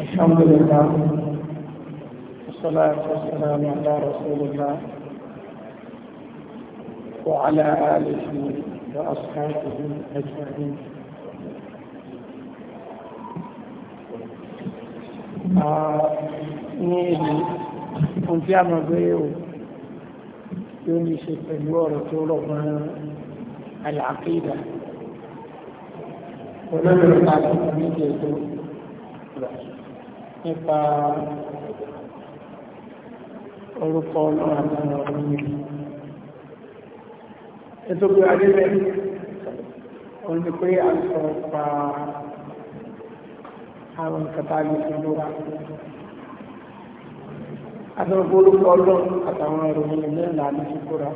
الحمد لله والصلاة والسلام على رسول الله وعلى آله وأصحابه أجمعين ميلي كنت يا مبيو يوني سبنور طولو العقيدة ونمر بعد ميلي nípa orúkọ ọlọ́run àtàwọn ọ̀rọ̀ yìí ètò pé adébẹ̀ òun ni pé a sọ pa àwọn kàtàlì ìfúnnúra àtàwọn orúkọ ọlọ́run àtàwọn ọ̀rọ̀ yìí ní ìlànà ìfúnnúra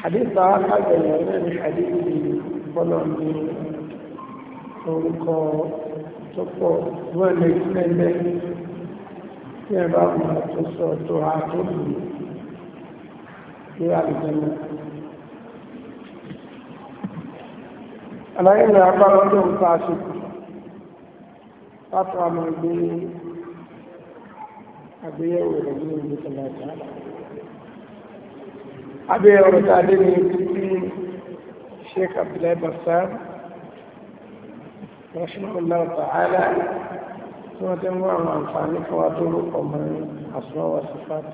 حديث ضعف حاجة يعني حديث بلون orúkọ tó pọ̀ wọ́n lè pẹ́lẹ́ tí ẹ bá mọ̀ tó sọ tó ha tó bù ní àlùjẹ́mọ́ àlàyé ní agbára tó ń pa àṣìkò látọ̀ àmọ́ ìgbé àgbéyẹ̀wò rẹ̀ ní ìlú tẹ̀lẹ̀tẹ̀ àbẹ̀yẹ̀wò rẹ̀ tàbí Sheikh Abdullahi Bassam رحمه الله تعالى ثم تنوع عن صانف وطرق من أسماء وصفات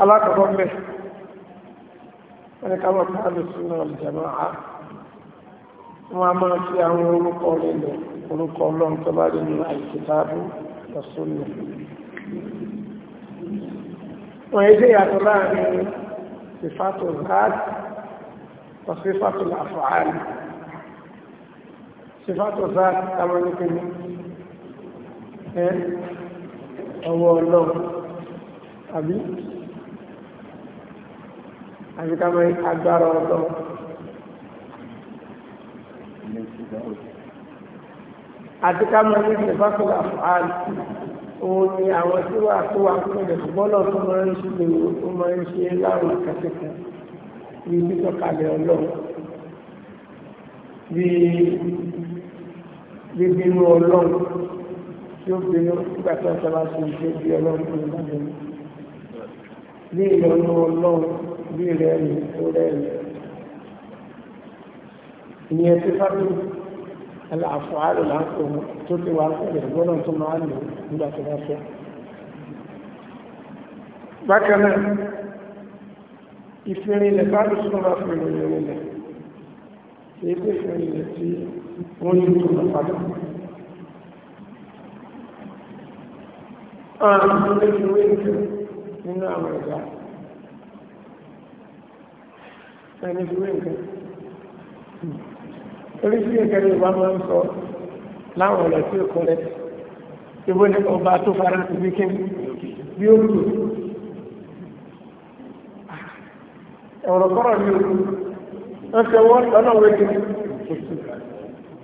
الله كرمه أنا كما قال السنة والجماعة وما في أن يلقوا لله يلقوا لهم تبادل من الكتاب والسنة ويجي أطلعني صفات الذات وصفة الأفعال صفة ذات كما نكن هو الله أبي أبي كما أدار الله àti ká máa ní ìfẹ́fẹ́ àfààní òun ni àwọn tí wàá tó wà fún ìdẹ̀kùbọ́lọ̀ tó máa ń ṣe láwọn ìkàtẹ́kọ̀ọ́ bí títọ́kalẹ̀ ọlọ́run bí bíbínú ọlọ́run tí ó bínú nígbà tí wọ́n sábà ṣe ìṣe bí ọlọ́run tó ń bá lẹ́nu bí ìlọ́nu ọlọ́run bí ìrẹ́rìn tó rẹ́rìn ìyẹn tí fábílì aláàfọ́ àlò láńkò tó ti wà pẹ̀lú ìgbọ́nà tó máa lò nígbà tó bá fẹ́. bákan náà ìfìrìnlẹ̀ bá lè sọ́nà fìrìnlẹ̀ rẹ̀ èyí pé ìfìrìnlẹ̀ tí wọ́n ní ìtura padà ààrùn tó lè fi wé ìfẹ́ nínú àwọn ẹ̀dá ẹni fi wé nǹkan orí sí nǹkan ní ìbá máa ń sọ láwọn ọ̀rọ̀ tí ó kọ́ rẹ̀ ìbọn ọba ọ̀rọ̀ kọ́rọ̀ ní orí wọ́n fẹ́ wọ́n lọ́nà wẹ́kì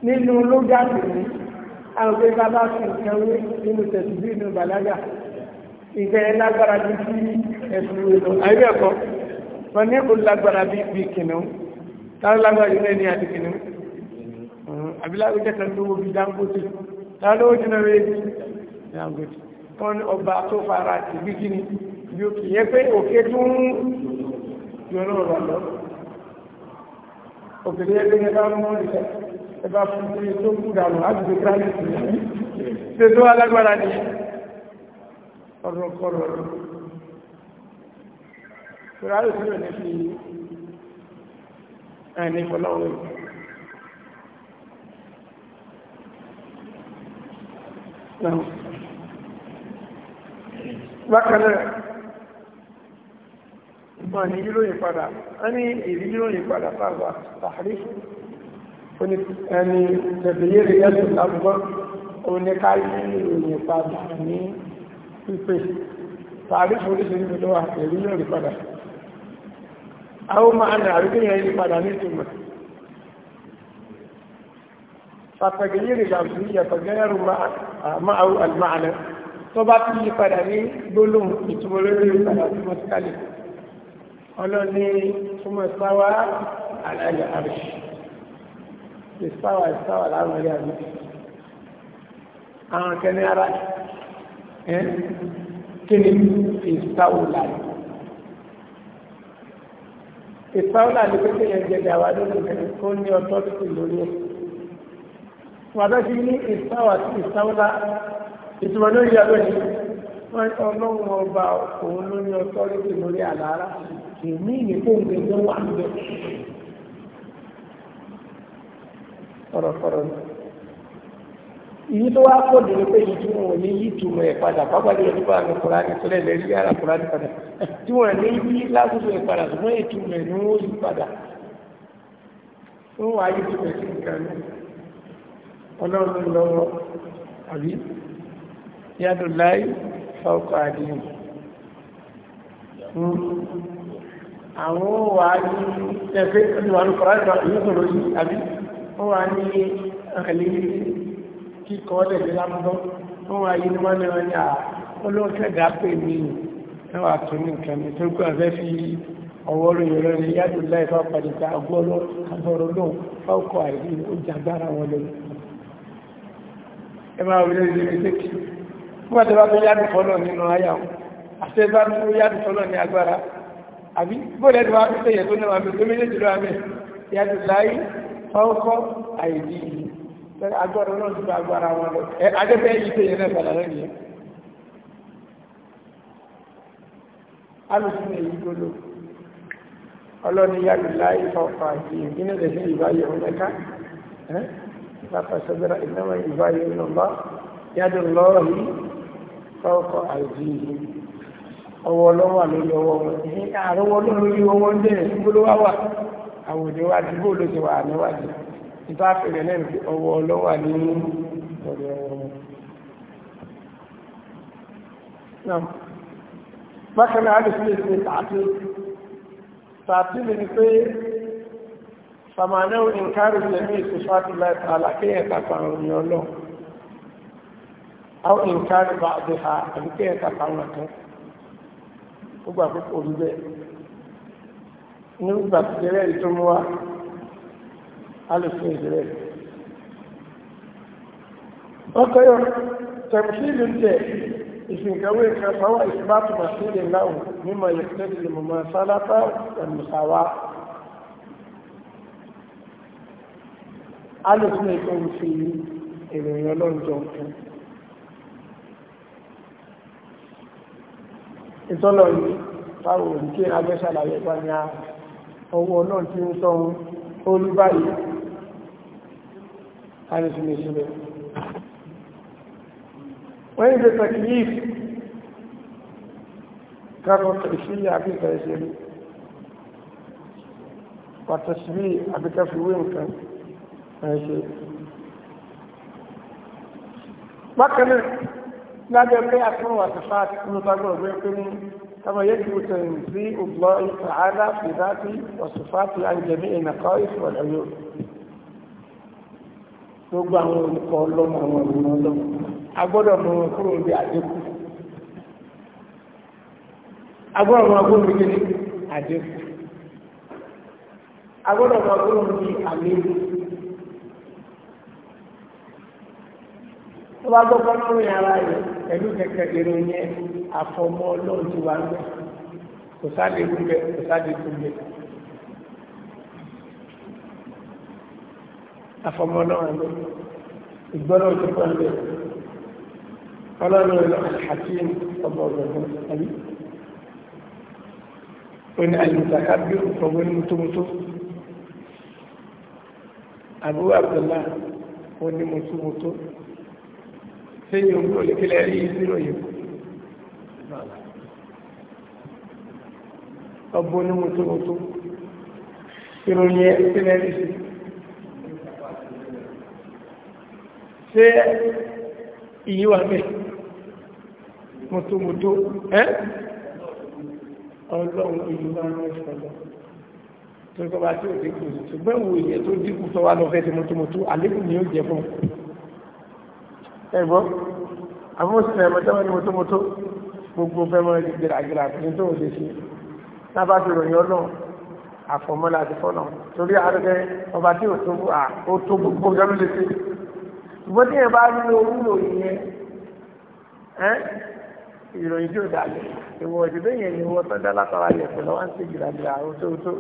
nínú lógáàtì ní àwọn pé bá bá fi nǹkan wé nínú tẹ̀sí bí inú bàlágà nǹkan yẹn lágbára bí kí ẹ̀sùn wé lọ àìbẹ̀ ẹ̀kọ́ wọn ní kò lágbára bí bí kìnìún táwọn lágbára yìí náà ní àti kìnìún àbíláwé jẹ́kẹ̀ lówó bí Dangote táwọn lówó jìnnà wé Dangote wọn ọba tó fara àti bí kíni bí ó kì í yẹ pé òkè tún ju ọlọ́run wà lọ òkèlè ẹgbẹ́ ní bá mú ìṣẹ́ ẹbá fún sí tó kú dànù ágbègbè kíláàsì ṣe tó alágbára ní ọ̀rọ̀ kọ̀rọ̀ ìrọ̀ àrùsílẹ̀ ní fi ẹni fọlọ́wọ́ Bákanáà, wọn ni yílóyìn padà a ní ìrí yílóyìn padà sáàbà tààrí ẹni tẹ̀bẹ̀yẹ́ rẹ̀ yẹ́sùn lábúgbọ́ oníká yílóyìn padà ní pípẹ́ tààrí oríṣiríṣi ló wà ìrí yílóyìn padà a ó máa ní àríkíyàn yìí padà ní ìtumọ̀ fàtàgìyí rẹ̀ gàbí yàtọ̀gẹ́rù máa alìmáàlẹ̀ tó bá fi yí padà ní gbólóhùn ìtumọ̀ lórí ìpadà tí mo ti kálẹ̀ ọlọ́ni túnmọ̀ sáwá àlàyé àrùsì ìsáwà ìsáwà láwọn ilé àmì àwọn kẹni ara ẹ kíni ìsáwùlà ìsáwùlà ní pípé yẹn jẹ gàwá lórí ìkẹni tó ní ọtọ́ títì lórí ẹ wàdọ́ sí ní ìsáwà sí ìsáwùlà ìtumọ̀ lórí ìyàwó yìí wọ́n ọlọ́run ọba òun ló ní ọtọ́rìtì lórí àlàárá èmi ìyẹn kó ń gbẹgbẹ́ wà ń bẹ kọ̀rọ̀kọ̀rọ̀ náà ìyí tó wá pọ̀ dèrè pé ìyí tí wọn ò ní yí ìtumọ̀ ẹ̀ padà pápájọ nípa àmì kùránì tó lẹ́lẹ̀ rí ara kùránì padà tí wọn ní yí lásìkò ẹ̀ padà tó wọ́n ìtumọ̀ ẹ̀ ní wọ́n yí padà wọ́n wá yí ìtumọ̀ sí nǹkan ọlọ́run lọ́wọ́ àbí yàtọ̀ láì fọ́kọ̀ àdìyàn hmm. àwọn wà ní ẹgbẹ́ ìwàlú kọ̀rọ̀dọ̀ ìlúkọ̀rọ̀ yìí àbí wọ́n wà ní àkàlẹ̀ kíkọ́ ọ̀dẹ̀dẹ̀ lábúgbọ́ wọ́n wà yìí wọ́n ní wọ́n ní à olóòkẹ́gà pè mí ẹwà tó ní nǹkan mi tó kọ́ ẹ̀fẹ́ fi ọwọ́ lóyún lórí yàtò láì fà pàdéjà agbọ́rọ̀ agbọ́rọ̀ lóun fọ́kọ̀ àìrí ó jàgbára nígbà tó bá fi yáàdù fọ́lọ̀ nínú ayá wọn àti bá fi yáàdù fọ́lọ̀ ní agbára àbí bóòlù ẹ̀dùn wa fẹ́ yẹ tó náà wàmí tó méjèèjì lọ́wọ́ àmì yáàdù láyé fọ́nkọ́ àìdí yìí agbára náà ti bá agbára wọn lọ ẹ adẹ́fẹ́ yìí tó yẹ náà bàlá lẹ́nu yẹn. alùpùpù èyí gbọdọ̀ ọlọ́ni yáàdù láyé fọ́nkọ́ àìdí yìí kí ní ẹ̀sìn ìbáyọ̀ ọ̀mẹ́ká ẹ̀ lápá sọ́dọ̀ ìnáwó ìbáyọ̀ ọ̀nà fọ́ọ̀kọ́ àìjí ọwọ́ ọlọ́wà lórí ọwọ́ wọn ní àrọwọ́ lórí ọwọ́ ń dẹ̀ gbólówá wà àwòdì wá ti bóòlù ti wà níwájú nípa àfẹ́rẹ́ náà fi ọwọ́ ọlọ́wà ní ọ̀dọ̀ wọn. bákan náà àdùsí lè ṣe tààtì tààtì lè ní pé sàmánà òǹkárù jẹ́mí ìṣòṣàtúlá ìtàlá kéèyàn tàpá òyìn ọlọ́run àwọn ìǹkarí bá àbí ha àbí kí ẹ̀ka fáwọn kan ó gbà púpọ̀ orí bẹ́ẹ̀ nígbà tó jẹ́rẹ́ èyí tó mú wa a lè fún ìjẹ́rẹ́ wọ́n kọ́ yọ tẹ̀mùsí ìlú jẹ́ ìfìǹkàwé kan fáwọn ìsìbátù màsílẹ̀ náà mímọ̀ ìrẹsẹ̀ lè mọ̀ sálátà ẹ̀mùsàwá a lè fún ìtọ́jú sí ìròyìn ọlọ́run jọ ìtọ́lọ̀ yìí báwo rí kí abẹ́ ṣàlàyé pa ní ọwọ́ náà tí ń tọ́run ó rí báyìí arìsìnlẹ̀ṣìnlẹ̀ wọ́n yí gbẹ́sẹ̀ kì í kákọ̀ kìrìsílẹ̀ àbíkà ìṣẹ́lú pàtàkì àbíkà fìwé nǹkan ẹ̀ṣẹ́ bákanáà lábẹ́ pé akínú àtàfà àti kúrò tágbọ̀rọ̀ gbé pé ní kama yẹ́kì òtẹ̀yìn sí ọgbọ́ ìfàhálà fìdáàtì ọ̀sùfàtì àjẹmí ìnàkọ́ ìfọ̀lẹ́yọ gbogbo àwọn olùkọ́ ọlọ́mọ àwọn ọ̀rùn ọlọ́mọ agbọ́dọ̀ mọ wọn kúrò ní àdékù agbọ́dọ̀ mọ agbọ́dọ̀ mi kéde àdékù agbọ́dọ̀ mọ agbọ́dọ̀ mi àléébù tó bá gbọ́ pọ́nmọ́rin ara rẹ̀ pẹ̀lú kẹ̀kẹ́ ìròyìn yẹn àfọmọ́ ọlọ́run ti wà ń bẹ̀ kò sáde gbúgbẹ kò sáde gbúgbẹ àfọmọ́ ọlọ́run lọ ìgbọ́nà òjò pọ̀ ń bẹ̀ ọlọ́run lọ àkàtìm ọmọ ọ̀gbọ̀n àbí oní àlùmùtàkábí ọ̀gbọ̀n ní mutumutu àbúrò àbdùlá oní mutumutu sẹ́yìn òun ò lè kílẹ̀ rí zero yìí ọbọ̀ ní mọ̀tòmọ̀tò ìròyìn ẹ̀ kílẹ̀ rí sí ṣé ìyí wà bẹ́ẹ̀ mọ̀tòmọ̀tò ẹ́ ọlọ́run ìlú bá ń rẹ̀ tó kọ́ bá tí ò dínkù ṣùgbọ́n ìwòye tó dínkù tó wà lọ́fẹ́ tí mọ̀tòmọ̀tò àlékún ni ó jẹ fún un ẹ̀gbọ́ àfọwọ́sílẹ̀ ẹ̀mọ́tẹ́wọ́ ni mọ́tòmọ́tò gbogbo fẹ́ mọ́ ẹ̀dí gbèràgbèrà àti tó ń lè ṣe lábá fi ròyìn ọlọ́run àfọ̀mọ́lá àti fọ́nà torí àrẹ́gẹ́ ọba tí ò tó gbogbo gẹ́lú lè ṣe ṣùgbọ́n tí yẹn bá rí orí ròyìn yẹn ìròyìn tí ò dalẹ̀ ìwọ̀ ìdílé yẹn ni wọ́n tọ́jà látara yẹ̀ pẹ̀lú wọ́n ń ṣe gbèràgbèrà òtótó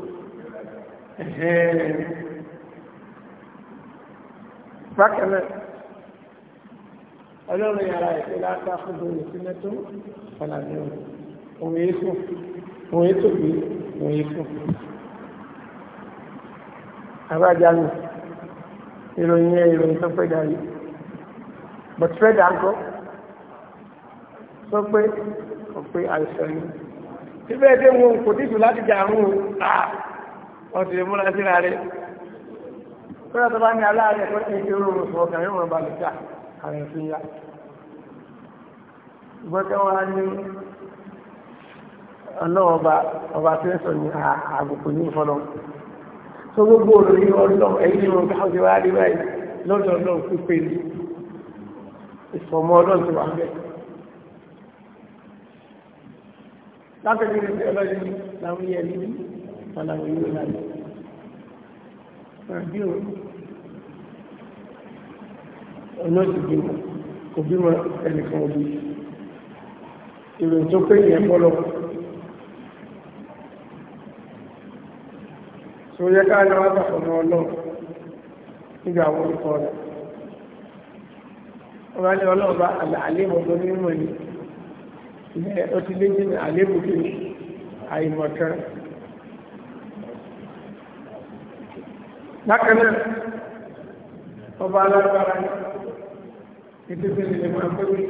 bákan náà ọlọ́run yàrá ìpè láta fún gbogbo ìpínlẹ̀ tó fàlàbí òun èso òun èso bí òun èso. àbájáde ìròyìn yẹn ìròyìn tó pé dárí but fred anko sọ pé kò pé àìsàn ni síbẹ̀ tí wọn kò dìbò láti jà àrùn wọn sì lè múra síra rẹ̀ kó lọ́tọ̀ bá ní aláàárẹ̀ kó ní ìṣòro òṣùwọ̀n kan yóò mọ̀ balùwẹ̀ àwọn ẹ̀fín yá ìgbọ́tẹ́ wọn á ní ọlọ́wọ́ ọba ọba tí ó sọ ní àgùkù ní ìfọlọ́ tó gbogbo òròyìn ọlọ́wọ́ ẹ̀yìn ni wọn káwọn ti wá rí báyìí lọ́dọ̀ ọlọ́wọ́ pípé ní ìfọ̀mọ́ ọlọ́wọ́ tó wà bẹ́ẹ̀. lápẹ̀lú ìrìnàjò ọlọ́dún làwọn yẹ̀ ní ọ̀làwọ̀ yóò lálẹ́ ọ̀nà ti bímọ kò bímọ ẹnìkan òbí ìròyìn tó pé ìyẹn bọ́ lọ́wọ́ tó yẹ ká ní wọ́n tàkọ̀ mọ́ ọlọ́run nígbà àwọn olùkọ́ rẹ̀ wọ́n bá ní ọlọ́run bá àlébù tó ní mọ̀ ní ilé ó ti lé ní àlébù tó ní àìmọ̀ kan bákan náà ọba alágbára náà títí pé nílẹ̀ máa pẹ́ pé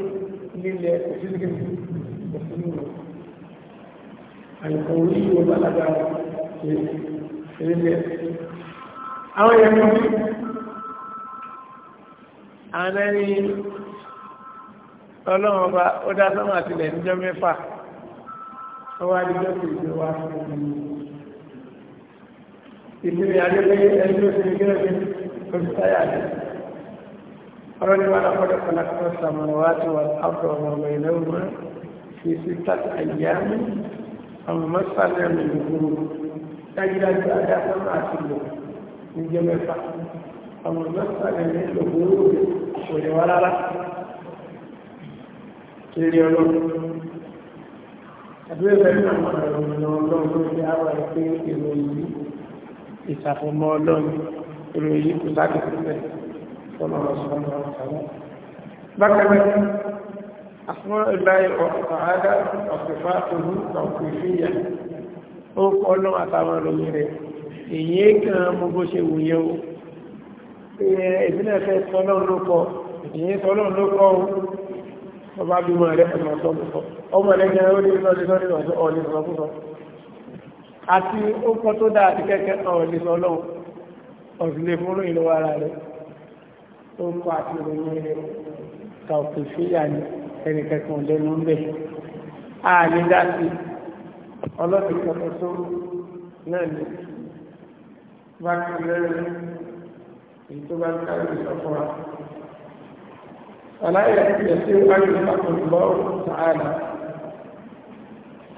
nílẹ̀ òfin kejì òfin wọn àyẹ̀kọ̀ orí ìwọ bàlágà nílẹ̀ àwọn yẹn mú àwọn ẹni ọlọ́run ọba ó dá sọ́mọ́ àtìlẹ̀ níjọ́ mẹ́fà ọwọ́ adijọ́ kò ìgbé wá fún mi ìsinmi adébẹ́yẹ ẹni tó sinmi kí ló ṣe oṣù táyà rẹ̀ ọ̀rọ̀ ni wọ́n lọ́kọ́dọ̀ kọlọ́kọ́ sàmọ̀wátí wà ábọ̀ ọmọ ìlẹ́wọ̀n fi sí tàbí àyàmì ọmọ mọ́sálẹ̀ mi gbogbo dájúdájú adáfẹ́mà àti lò ní jẹ́ mẹ́fà ọmọ mọ́sálẹ̀ mi gbogbo kò lè wá rárá kiri ọlọ́run àdúrà bẹ́ẹ̀ náà wọ́n rẹ̀ ọmọ ọlọ́run ló fi àwọn ẹgbẹ́ ìròyìn ìsàfọ̀mọ́ ọlọ́run ìròyìn kò sákìtì bẹ́ẹ̀ بكرة أسماء الله تعالى وصفاته توقيفية ó kọ́ lọ́wọ́ àtàwọn ọlọ́mí rẹ̀ èyí kan mú bó ṣe wùyẹ o ìbílẹ̀ fẹ́ tọ́lọ́run ló kọ́ èyí tọ́lọ́run ló kọ́ ọba bímọ rẹ̀ ọmọdọ́ púpọ̀ ọmọ rẹ̀ jẹ́ orí lọ́dún lọ́dún lọ́dún ọ̀lẹ́ sọ púpọ̀ àti ó kọ́ tó dáa àti kẹ́kẹ́ ó kọ́ àti ìròyìn rẹ̀ tàùkìfíyà ní ẹni kẹkùn lẹ́nu ńbẹ̀. a ní dási ọlọ́dún kẹfẹ́ tó náà ní bákan lẹ́rìn èyí tó bá ń kárí ìsọ̀fún wa. ọ̀láyà ìyẹ̀sí ayọ̀ ìpapọ̀ lọ́wọ́ sàárà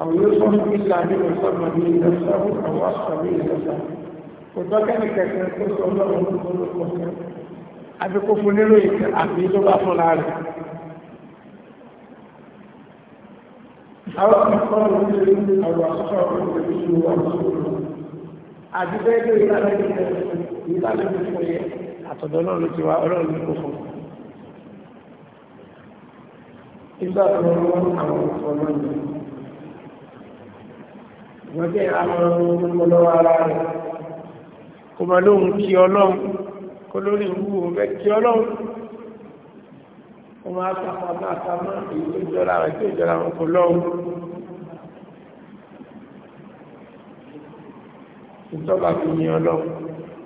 àwọn yóò sọ fún ìlànà ìsọ̀mọ̀ ní ìlọsọ́rùn àwọn àṣọ ní ìlọsọ́rùn kò tọ́kẹ́ nìkẹ́kẹ́ tó sọ ọlọ́run tó lókọ̀ àbí kó fún nílò ìkẹ́ àbí tó bá fún láàrin àwọn akọ́kọ́ lórí àwọn akọ́kọ́ lórí ìṣòro àbúrò àti bẹ́ẹ̀ lórí ìlànà ìfún yẹ àtọ̀dọ̀ náà ló ti wá ọlọ́run ní kò fún nígbà tó ń wọ́n àwọn ọ̀pọ̀lọ́ yìí wọ́n jẹ́ àwọn ọmọ lọ́wọ́ ara rẹ̀ kò mọ̀ lóhun kí ọlọ́run kó lórí ìwúwo fẹ́ kí ọlọ́run wọ́n máa sáfà máa sá mọ́ èyí tó jọra rẹ̀ tó jọra wọn kò lọ́wọ́. ìtọ́ba fi yin ọlọ́run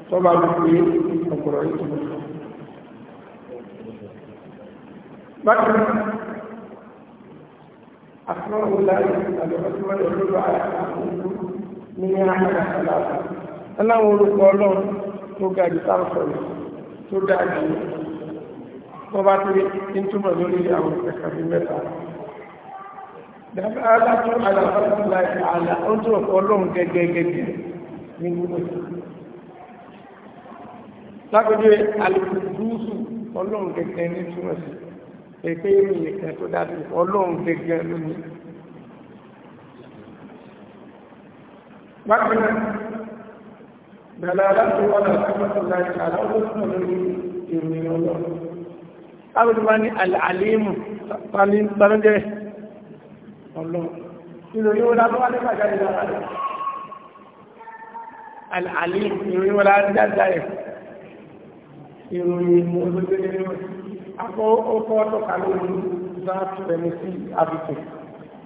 tọ́ba fi pé ọ̀pọ̀lọ́ yìí tó mọ̀ lọ. bákan àfihàn wòláyé àlọ́fẹ́sọ́wọ́ ìlú àyàkọ́ ní àhàkà sàlàfà aláwọn orúkọ ọlọ́run tó ga jù sáà sọ̀rọ̀ tó dáa jù wọ́n bá ti ń túmọ̀ lórí àwọn ìṣẹ̀kàbí mẹ́ta dábàá aláàtú aláàtúlá àlà ó tún ọ̀pọ̀ ọlọ́run gẹ́gẹ́gẹ́gẹ́ ní gbogbo lágbègbè alùpùpùsù ọlọ́run gẹ́gẹ́ ní túmọ̀ sí pẹ̀pẹ́ ìrìn kan tó dájú ọlọ́run gẹ́gẹ́ lónìí dàlàlátò wọ́nà sọ́mọ́sọ́láì aláwọ̀sọ́ lórí ìròyìn ọlọ́run. Abúrúmá ní al'alímù tàbí tàbí ọlọ́run. Ìròyìn wọ́n lábọ́ wá nípa jáde lára rẹ̀. Al'alímù ìròyìn wọ́n lára jáde rẹ̀. Ìròyìn mú ọdún tó lé Akọ́ ọkọ̀ ọ̀tọ̀ka lórí Zaatu Bẹ̀mẹ̀sí Abìkù,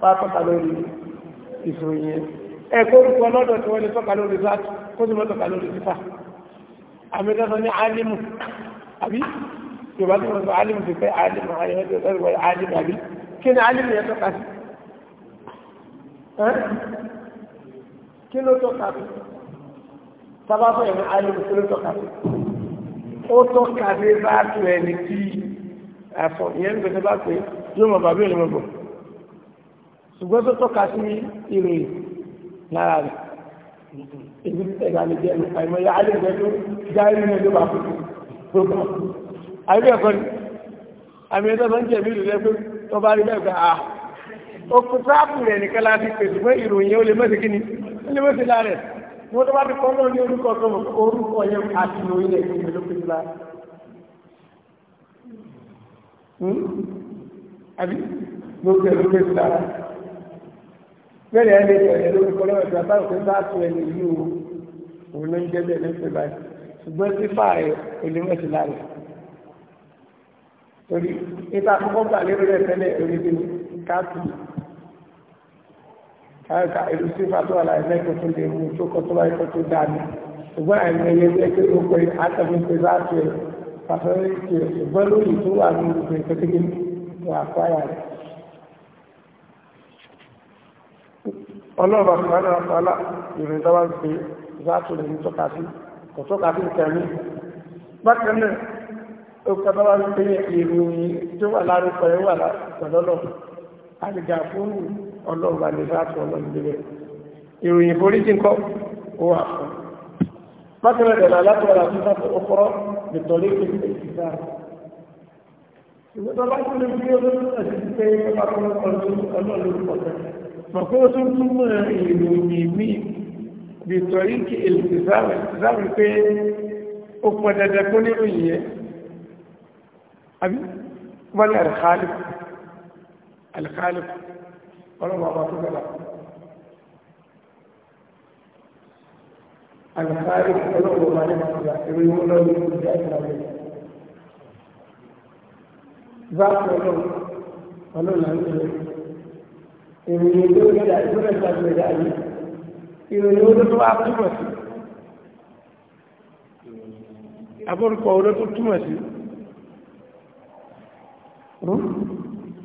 pátọ́ka lórí ìfòyìn. Ẹ̀kọ́ orúkọ lọ́dọ̀ tí wọ́n lè tọ́ka lórí Zaatu kó sì mọ́tọ̀ká lórí fífà àmìtọ́sọ ní alimu àbí yorùbá tó mọ́tọ̀ alimu ti fẹ́ alimu ayẹ́wọ́tọ̀ sọ́rọ̀ alimu àbí kí ni alimu yẹn tọ́ka sí kí ló tọ́ka sí sábà fún ẹ̀mí alimu kí ló tọ́ka sí ó tọ́ka sí bá tu ẹni tí ẹ̀fọ́ ìyẹn gbèsè bá pé yóò mọ̀ bàbá ìlú mọ̀ ṣùgbọ́n tó tọ́ka sí ìròyìn lára rẹ̀ èyí tí tẹ̀gà lè jẹ́ ẹ̀rù àìmọ̀ ya alẹ́gbẹ́ tó járí ní ẹjọ́ bá fún ọgbà àìbí ẹ̀kọ́ ni àmì ẹ̀tọ́ tó ń jẹ̀mí ìlú lẹ́gbẹ́ tó bá rí bẹ́ẹ̀ à ó kú sáàpù rẹ̀ nìkan láti pèsè fún ìròyìn ó lè mọ́sí kíni ó lè mọ́sí láàrẹ̀ wọ́n tó bá ti kọ́ náà ní orúkọ tó orúkọ yẹn àti ìròyìn rẹ̀ la hmm? bẹ́ẹ̀ ẹ lè tẹ̀lé lórí kọlọ́wọ́ ìtura táwọn tó bá tó ẹni yìí o òun ló ń jẹ́ bẹ́ẹ̀ lẹ́sẹ̀ báyìí ṣùgbọ́n sífà rẹ̀ olùmọ̀sí lára torí ipa kọ́kọ́ gbà lérò rẹ̀ tẹ́lẹ̀ orí bí káàtì káàkà ìlú sífà tó wà láì lẹ́kọ̀ọ́ tó lè mú tó kọ́ tó wáyé kọ́ tó dáa ní ṣùgbọ́n àìmọ̀ ẹyẹ bí ẹgbẹ́ òkò àtàkùn pé bá tó ẹ pàtàkì ṣùgbọ́n lóyìn tó wà ní ọlọ́ọ̀bà fúnra ọ̀pọ̀lá ìrìn tó wá ń pe záàtò lè ní tọ́ka sí kò tọ́ka sí kẹ̀mí bákan náà ó kọ́ tó wá ń pe ìròyìn tó wà lárúkọ ẹ̀ wà lọ́lọ́ àlìgà fún ọlọ́ọ̀bà lè záàtò ọlọ́ọ̀bẹ̀rẹ̀ ìròyìn foríjì ń kọ́ ó wà fún bákan náà dẹ̀lá látọ̀ láti sáfẹ́ ọkọ̀rọ̀ ìtọ́lé kékeré ìgbà mọ̀kó tó túnmọ̀ ìròyìn mí bí tọ̀rí kí ìlúzáwì pé ó pọ̀ dandan kó ní òyìn ẹ́ àbí wọ́n ní alkhaliq alkhaliq ọlọ́wọ́ ọba tó gbọ́dọ̀ alkhaliq ọlọ́wọ́ ọba ní màtúlá ìròyìn wọn lọ́wọ́ ní ìjà ìtàwé záàpù ọlọ́wọ́ ọlọ́wọ́ ìròyìn tó gbẹdà ìgbẹdà ìgbàgbẹdà yìí ìròyìn olótó wa túmọ̀ sí abórúkọ olótó túmọ̀ sí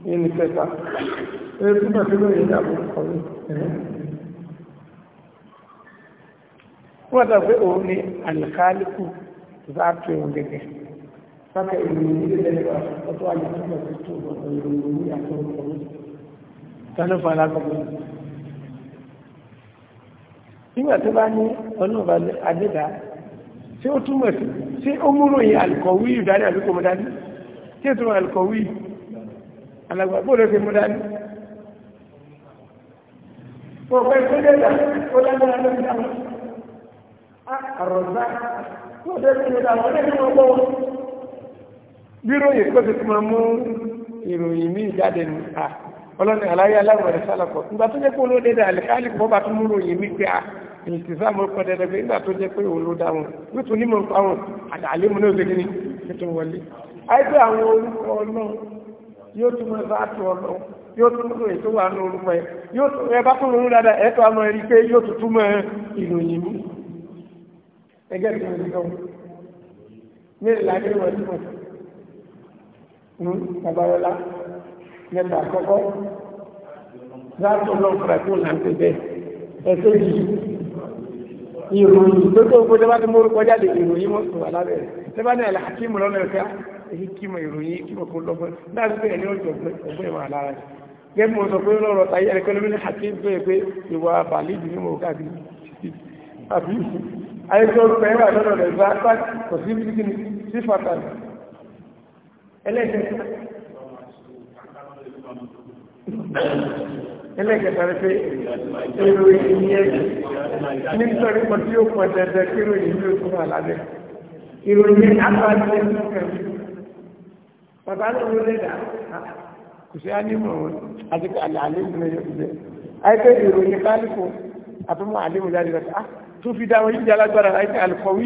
yìí ni kẹta ẹ túmọ̀ sí lóyìn ní abórúkọ yìí wọ́n tàn pé òun ni àlìkáálíkù záàtù ìwọ̀n gẹ́gẹ́ sáka ìròyìn ilé ìdẹ́lẹ́wà ọ̀tọ̀ àyàtúmọ̀ sí tó ọ̀rọ̀ ìròyìn àti ọ̀rọ̀ tánú fún alákọ̀ọ́kọ́ nígbà tó bá ní ọlọ́ọ̀bá adẹ́dá tí ó túmọ̀ sí tí ó múrò yìí alìkọ̀wí ìdáni àbíkò mọ́ dání tí ó túmọ̀ alìkọ̀wí alàgbàgbò ló fi mọ́ dání Gbogbo ìpínlẹ̀ ìlà ó lágbára lórí àwọn àrọ̀dá tó dé ìpínlẹ̀ ìlà wọ́n lẹ́nu ọgbọ́ wọn. Bí ròyìn kó ti tún máa mú ìròyìn míì jáde ní à ọlọ́ni aláyé aláwọ̀rẹ́ sálàkọ̀ nígbà tó jẹ́ pé olóò dédé àlìkálì kọ́ bá tún múlò yìí mí pé a ah, ìtìsáàmù ọkọ̀ dẹ́dẹ́ pé nígbà tó jẹ́ pé òun ló dáwọn yóò tún nímọ̀ nípa wọn àdàlẹ́ mu náà lé ní ètò wọlé. àìsí àwọn orúkọ náà yóò tún mọ sáàtù ọ̀nà yóò tún mọ ètò wà ní orúkọ ẹ yóò tún ẹ bá tún lóyún dáadáa ẹ tó àmọ́ rí pé yóò tún túmọ̀ ìròyìn mú. ẹgẹ́ mẹ́ta àkọ́kọ́ láti ọlọ́pàá kó là ń pè bẹ́ẹ̀ ẹ̀kẹ́ yìí ìròyìn tó tó gbogbo bá ti mórúkọ jáde ìròyìn mọ́ sùn wà lábẹ́ rẹ̀ tẹ́bá ní àlà hakimu lọ́nà ẹ̀ka èyí kímọ̀ ìròyìn kímọ̀ kó lọ́gbọ́n láti bẹ́ẹ̀ ní ọjọ́ ọgbẹ́ ìwà lára rẹ̀ gẹ́gẹ́ mo sọ pé lọ́rọ̀ tayé ẹ̀kọ́nọ́mí ní hakim tó yẹ pé ìwà bàlídì ní mo káàkiri àbí àyẹ̀kọ́ pẹ̀ wà lọ́dọ̀ rẹ̀ bá pàtàkì kò sí bí kíni sí fàtàkì ẹlẹ́gbẹ̀ẹ́ ẹlẹ́gẹ̀ta rẹ̀ pé èrò ìyẹn nítorí pọ̀ tí ó pọ̀ dẹ̀dẹ̀ kí èrò ìyẹn ló tún wà lábẹ́ èrò ìyẹn abájẹ́ nìkan bàbá lóun lè dà kò sí ánìmọ̀ wọn àti pé àlẹ́ ìlú lè yọ̀kùnjẹ́ àìpé èrò ìyẹn kálífò àbúmọ̀ àlẹ́ ìlú jáde lọ́ta ah, tó fi dáwọn yíyá lágbára àìpé àlùkọ̀wé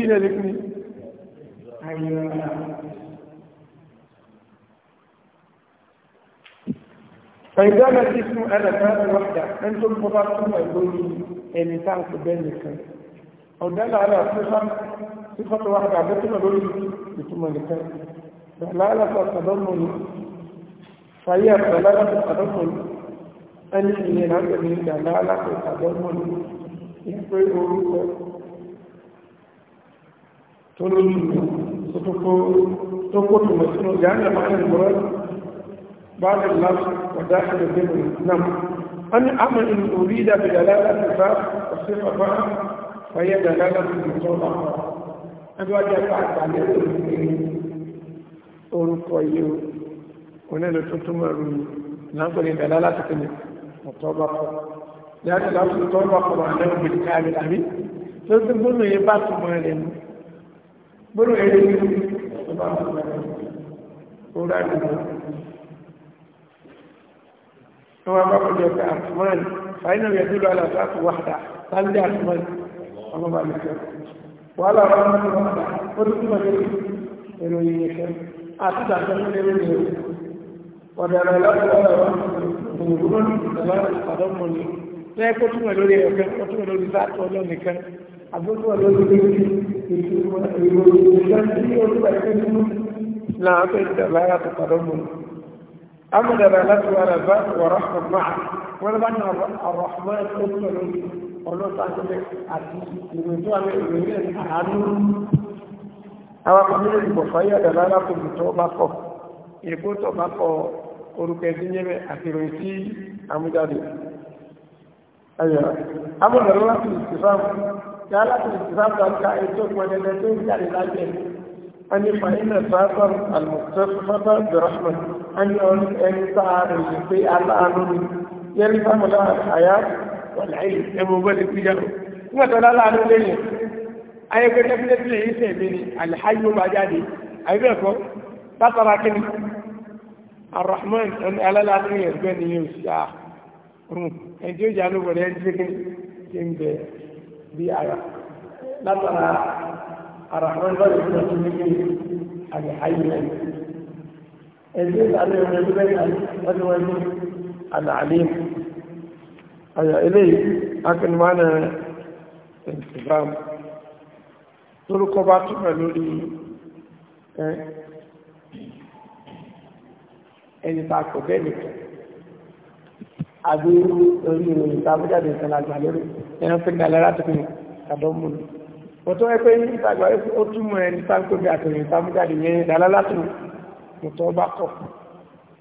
فإذا ما اسم أنا كان وحده أنتم مضافتم يقولوا أن كان بينك أو دل على صفة صفة واحدة عبدتم يقولوا بتم لك دلالة التضمن فهي دلالة التضمن أن ينام من دلالة التضمن يقول أولوك تقول تقول تقول تقول تقول تقول تقول تقول بعد اللفظ وداخل ضمن نم أنا أما إن أريد بدلالة الباب والصفة فهم فهي دلالة المطلقة أدوى جاءت عليه orúkọ yìí o onílò tó túmọ̀ rú lágbèrè ìdàlá láti kìnnì ọ̀tọ́ba pọ̀ yàtọ̀ láti tọ́ba pọ̀ wà náà gbèdé káàrí àbí tó ti gbónú yẹn bá túmọ̀ rẹ̀ mú gbónú yẹn lé ní ọba mọ̀ rẹ̀ ó ما يدل على wọ́n bá kọjọ pé àtúmọ́n fàínà rẹ̀ dúró aláàtú wàdà láńdé àtúmọ́n ọmọ bá lè fẹ́ wàhálà wọn mọ́ wọn bá ó dúró mọ́ lórí èrò yìí fẹ́ àti tàbí ní lórí ní èrò ọ̀dà rẹ̀ lọ́wọ́ òwúrọ̀ ìdàlá àdọ́mọ̀ ni lẹ́yìn kó túmọ̀ lórí ẹ̀kẹ́ kó túmọ̀ lórí sáàtú ọlọ́ nìkan àbúkú lórí lórí ìṣòro ìṣòro ìṣòro ìṣòro ìṣòro ìṣòro ìṣòro ìṣòro أما دلالته على البر ورحمة معه وأنا بأن الرحمن أكثر قلوا تعالى من دون من عنه أو قبل البخاري دلالة بتوبة يكون توبة orúkọ ẹ̀sìn yẹn bẹ àtìròyìn sí àmújáde ayọ̀ amúdàlá láti ìsìfàmù yálà láti ìsìfàmù àti ètò ìpọnẹlẹ tó ń jáde lájẹ أن فإن السافر المكتسبة برحمة أن أن تعالى في الآن يلزم لها الحياة والعلم المبالغ بجانب مثلا الآن لي أي كنت في العيسى بني الحي بعدي أي بيكو تتركني الرحمن أن على الآن يزبني يوسع أنت جانب ولا أنت لكن جنب بي آية لا ترى àràfẹ́ lọ́rẹ̀ fún ọdún méjì àyàháyà ẹ̀sìn ìsàlẹ̀ ọmọ ẹgbẹ́ bẹ́ẹ̀ lọ́dún wọn instagram lórúkọ bá túnbẹ̀ lórí ẹni tá a kò bẹ́ẹ̀ nìkan àbí orí ìròyìn tá a bó àgbà lórí ẹ̀yàn fi ń dalẹ́ láti fi kàdọ́ mú mi mọ̀tọ́ ẹ pé ìtàgbà ó túmọ̀ ẹni sáńkóbi àtẹ̀yìn sámújáde yẹn dàlálátù mọ̀tọ́ bá kọ̀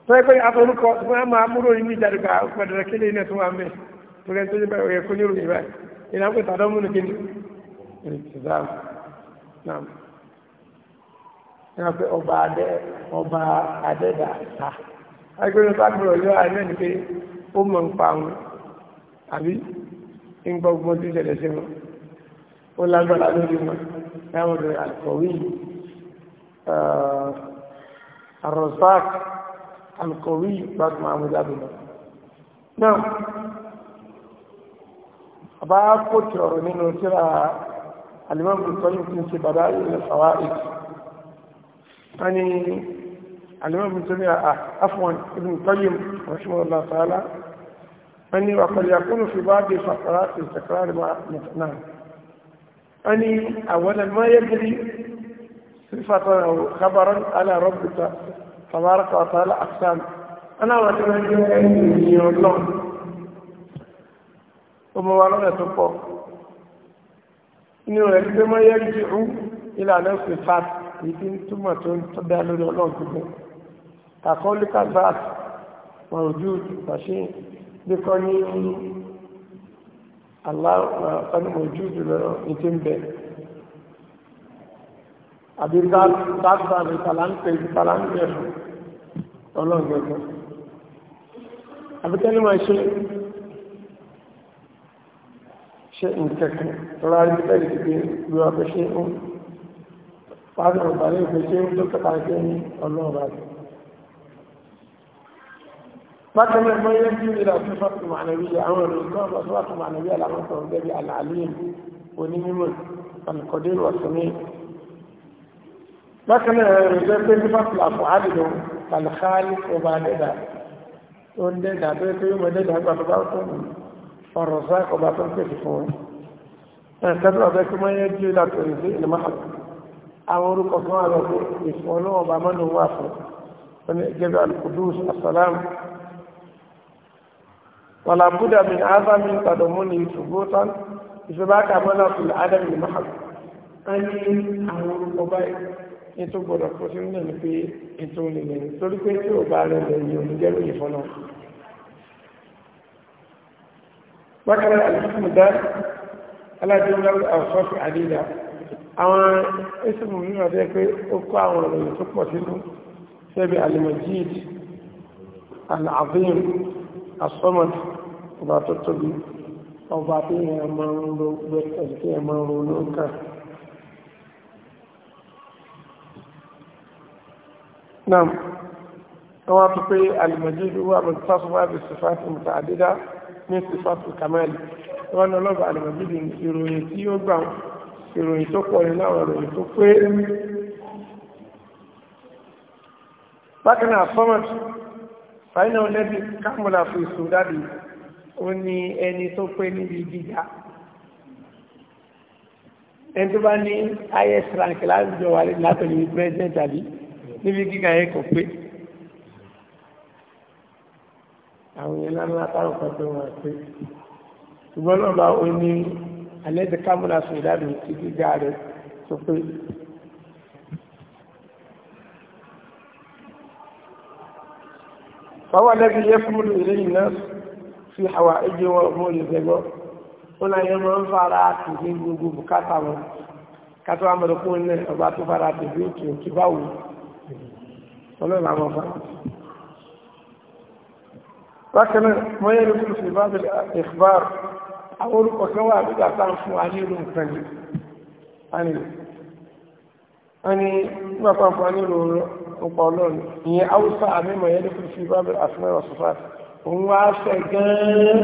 tọ́ ẹ pé afọ́rúkọ fún ẹ máa múrò yìí ní ìjáde ká pẹ̀lú kílé iná tó máa mẹ́ tó rẹ̀ tó yẹ bẹ́ẹ̀ ẹ̀kọ́ ní ìròyìn báyìí ìlànà pé tàdọ́ múnú kíni ìtìzáàmù náà ẹ̀rọ pé ọba adẹ́ ọba adẹ́dà ta agbẹ́rún bá gbọ́rọ̀ yọ àìmẹ́ ni pé ó mọ̀ ń pa wọn àbí ń gbọ́ gbọ́n tó ṣẹlẹ̀ sí wọn ولا بلا دوما يا ود القوي ا الرزاق القوي بعد ما عمل دوما نعم ابا كثر من نصر الامام القيم في سبدال الفوائد يعني الامام ابن تيميه عفوا ابن القيم رحمه الله تعالى أني وقد يكون في بعض فقرات استقرار مع نعم أني أولا ما يجري صفة أو خبرا على ربك تبارك وتعالى أقسام أنا أتمنى أن يكون وموالاة تقول إنه يجب ما يرجع إلى نفس الفات يمكن ثم تبع له الأولون كله كقولك الذات موجود فشيء بكوني aláàfẹ́nìmọ̀ ojú jùlọ ní ti ń bẹ̀ àbí dáadáa ní tàláńtẹ̀ ìbí tàláńtẹ̀ ọlọ́gbẹ̀gbẹ̀ àbí kẹ́lìmọ̀ ṣe ṣe ìkẹ̀kẹ̀ rọra ibi tẹ́lì ti gbé lọ́wọ́ pẹ́ ṣe ń pàdé ọ̀bàrẹ́ ìpẹ́ ṣe ń tó kẹta ṣe ní ọlọ́ọ̀bàrẹ́ bákan náà mọ́ yẹn bí ìrìnà tó fọ́tù mànàwíyà àwọn ìròyìn kan lọ sí fọ́tù mànàwíyà làwọn sọ̀rọ̀ bẹ́ẹ̀ bí àlàálíyìn onímọ̀ alùkọ̀dérò ọ̀sùnmí bákan náà rẹ̀ bẹ́ẹ̀ pé ní fọ́tù àpò àdìdò alùkáàlì ọba dẹ́dà tó ń dẹ́dà bẹ́ẹ̀ pé yóò dẹ́dà gbà tó bá tó ń ọ̀rọ̀ sá ọba tó ń pèsè fún wọn kẹ́tọ́ bẹ́ẹ̀ pé mọ́ yẹn bí ìrìnà tó rẹ̀ sí ìlú àwọn orúkọ fún àwọn ìfọ̀nà ọba mọ́nà wà fún gẹ́gẹ́ bí alùkùdùs asàlámù ولا بد من هذا من تضمنه ثبوتا إثبات مناط العدم المحض أن أمر قبائل ètò gbọdọ̀ kó sí ní ẹni pé ètò olèlè torí pé tí ò bá rẹ̀ lẹ́yìn oníjẹ́rò ìfọ́nà bákanáà alìsímù dá aládéwọ́lá àwọ̀sọ́fì àdídá àwọn ìsìmù nínú ọdẹ́ pé ó kó àwọn ìròyìn tó pọ̀ sínú sẹ́bi alimajid al-azim asọ́mọ̀tì ọba tó tóbi ọba tí yẹn máa ń ro ẹ̀sì tí yẹn máa ń ro lóǹkà náà wọ́n á tó pé alìmọ̀jídú wà mọ̀ tásùwá bí sífàtì mùtà àdídá ní sífàtì kàmẹ́lì wọ́n ní ọlọ́ba alìmọ̀jídú ìròyìn tí ó gbà ìròyìn tó pọ̀ ní láwọn ìròyìn tó pé bákan náà asọ́mọ̀tì fàyínà olẹ́bí kámọ́là fún ìṣó dábì ó ní ẹni tó pé níbi gíga ẹni tó bá ní is rank láwùjọ wà látọ̀ níbi president àbí níbi gíga yẹn kò pé àwọn yẹn lánàá táwọn kan tó wọn pé ṣùgbọ́n náà bá ó ní alẹ́ ti kámọ́là fún ìdábì ti gíga rẹ̀ tó pé. فهو الذي يكمل إليه الناس في حوائج وأمور الزبا هنا يمن فرات من وجوب كتاب كتاب عمل كون أبات فرات بيوت وكباو ولا ما فرات لكن ما يدخل في باب الإخبار أقول وكوا أبدا تعرفوا عليه المكتنين أني أني ما تعرفوا عليه nípa ọlọ́run ìyẹn haúsá àmìmọ̀ yẹn lókùn sí bábẹ̀ àfihàn ọ̀sọ̀fà òun wá fẹ́ gan-an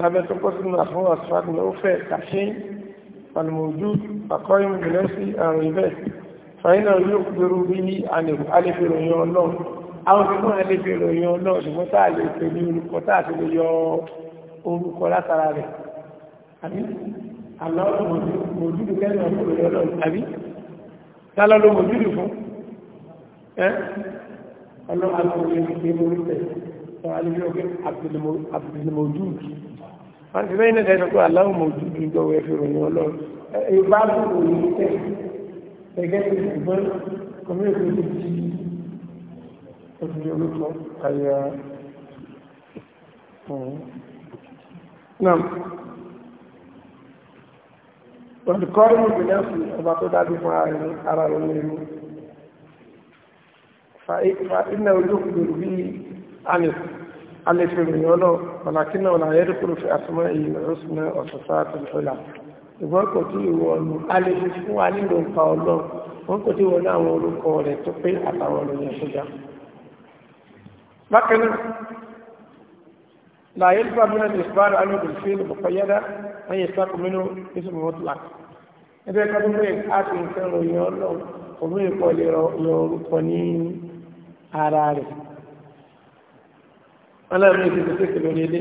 lábẹ́ tó kọ́ sínú àfihàn ọ̀sọ̀fà ni ó fẹ́ kàṣí palmojú akọ́yìn gẹ̀lẹ́sì àrùn ibẹ̀ fàyínà yóò gbèrú bí alẹ́fẹ̀ròyìn ọlọ́run àwọn tó máa lè bèrè òyìn ọlọ́ọ̀ ṣùgbọ́n tálọ́ ló mọ̀ jùlù fún ẹ́ ọlọ́run àtúnṣe ìgbé mórí tẹ̀ sọ alẹ́bí ọgbẹ́ àbùdìmọ̀júùd wọ́n ti lẹ́yìn ẹ̀dẹ́ sọ́kọ́ aláwọ̀ mọ̀júùd ń gbọ́wọ́ ẹ̀fẹ́ ròyìn ọlọ́run ìbá bù òyìn tẹ̀ gẹ́gẹ́ bí ìgbọ́n kọ́mí òfin ti di òfin olùkọ́ àyà hmm. náà olùkọ́rin ìbílẹ̀ sí ọba tó dájú fún ara rẹ̀ lẹ́nu fa iná olókùnrin bí alẹ́fẹ̀mìyàn ọlọ́ ọ̀làkínà ọ̀làyẹ́dẹ́kùnrin fi àtúmọ̀ èyí lọ́sùnà ọ̀sọ̀sá àtúnṣọ́là ìgbọ́n kò tí ìwọ̀nù alẹ́fẹ̀ fún wa nílò nǹka ọlọ́ wọn kò tí wọnú àwọn orúkọ rẹ̀ tó pé àtàwọn olóyìn ẹ̀fọ́já bákan náà làyẹ́dẹ́kùnrin ìsbára alóbìnrin fi wọ́n yẹ sọ́kù mínú ìsùn mọ́tòlá ẹgbẹ́ kan tó bẹ́ẹ̀ káàkiri nǹkan ròyìn ọlọ́run òmìnir pọ̀ lè rọ orúkọ ní ara rẹ̀ ọlọ́run ti pèsè kìlọ̀ ní ilé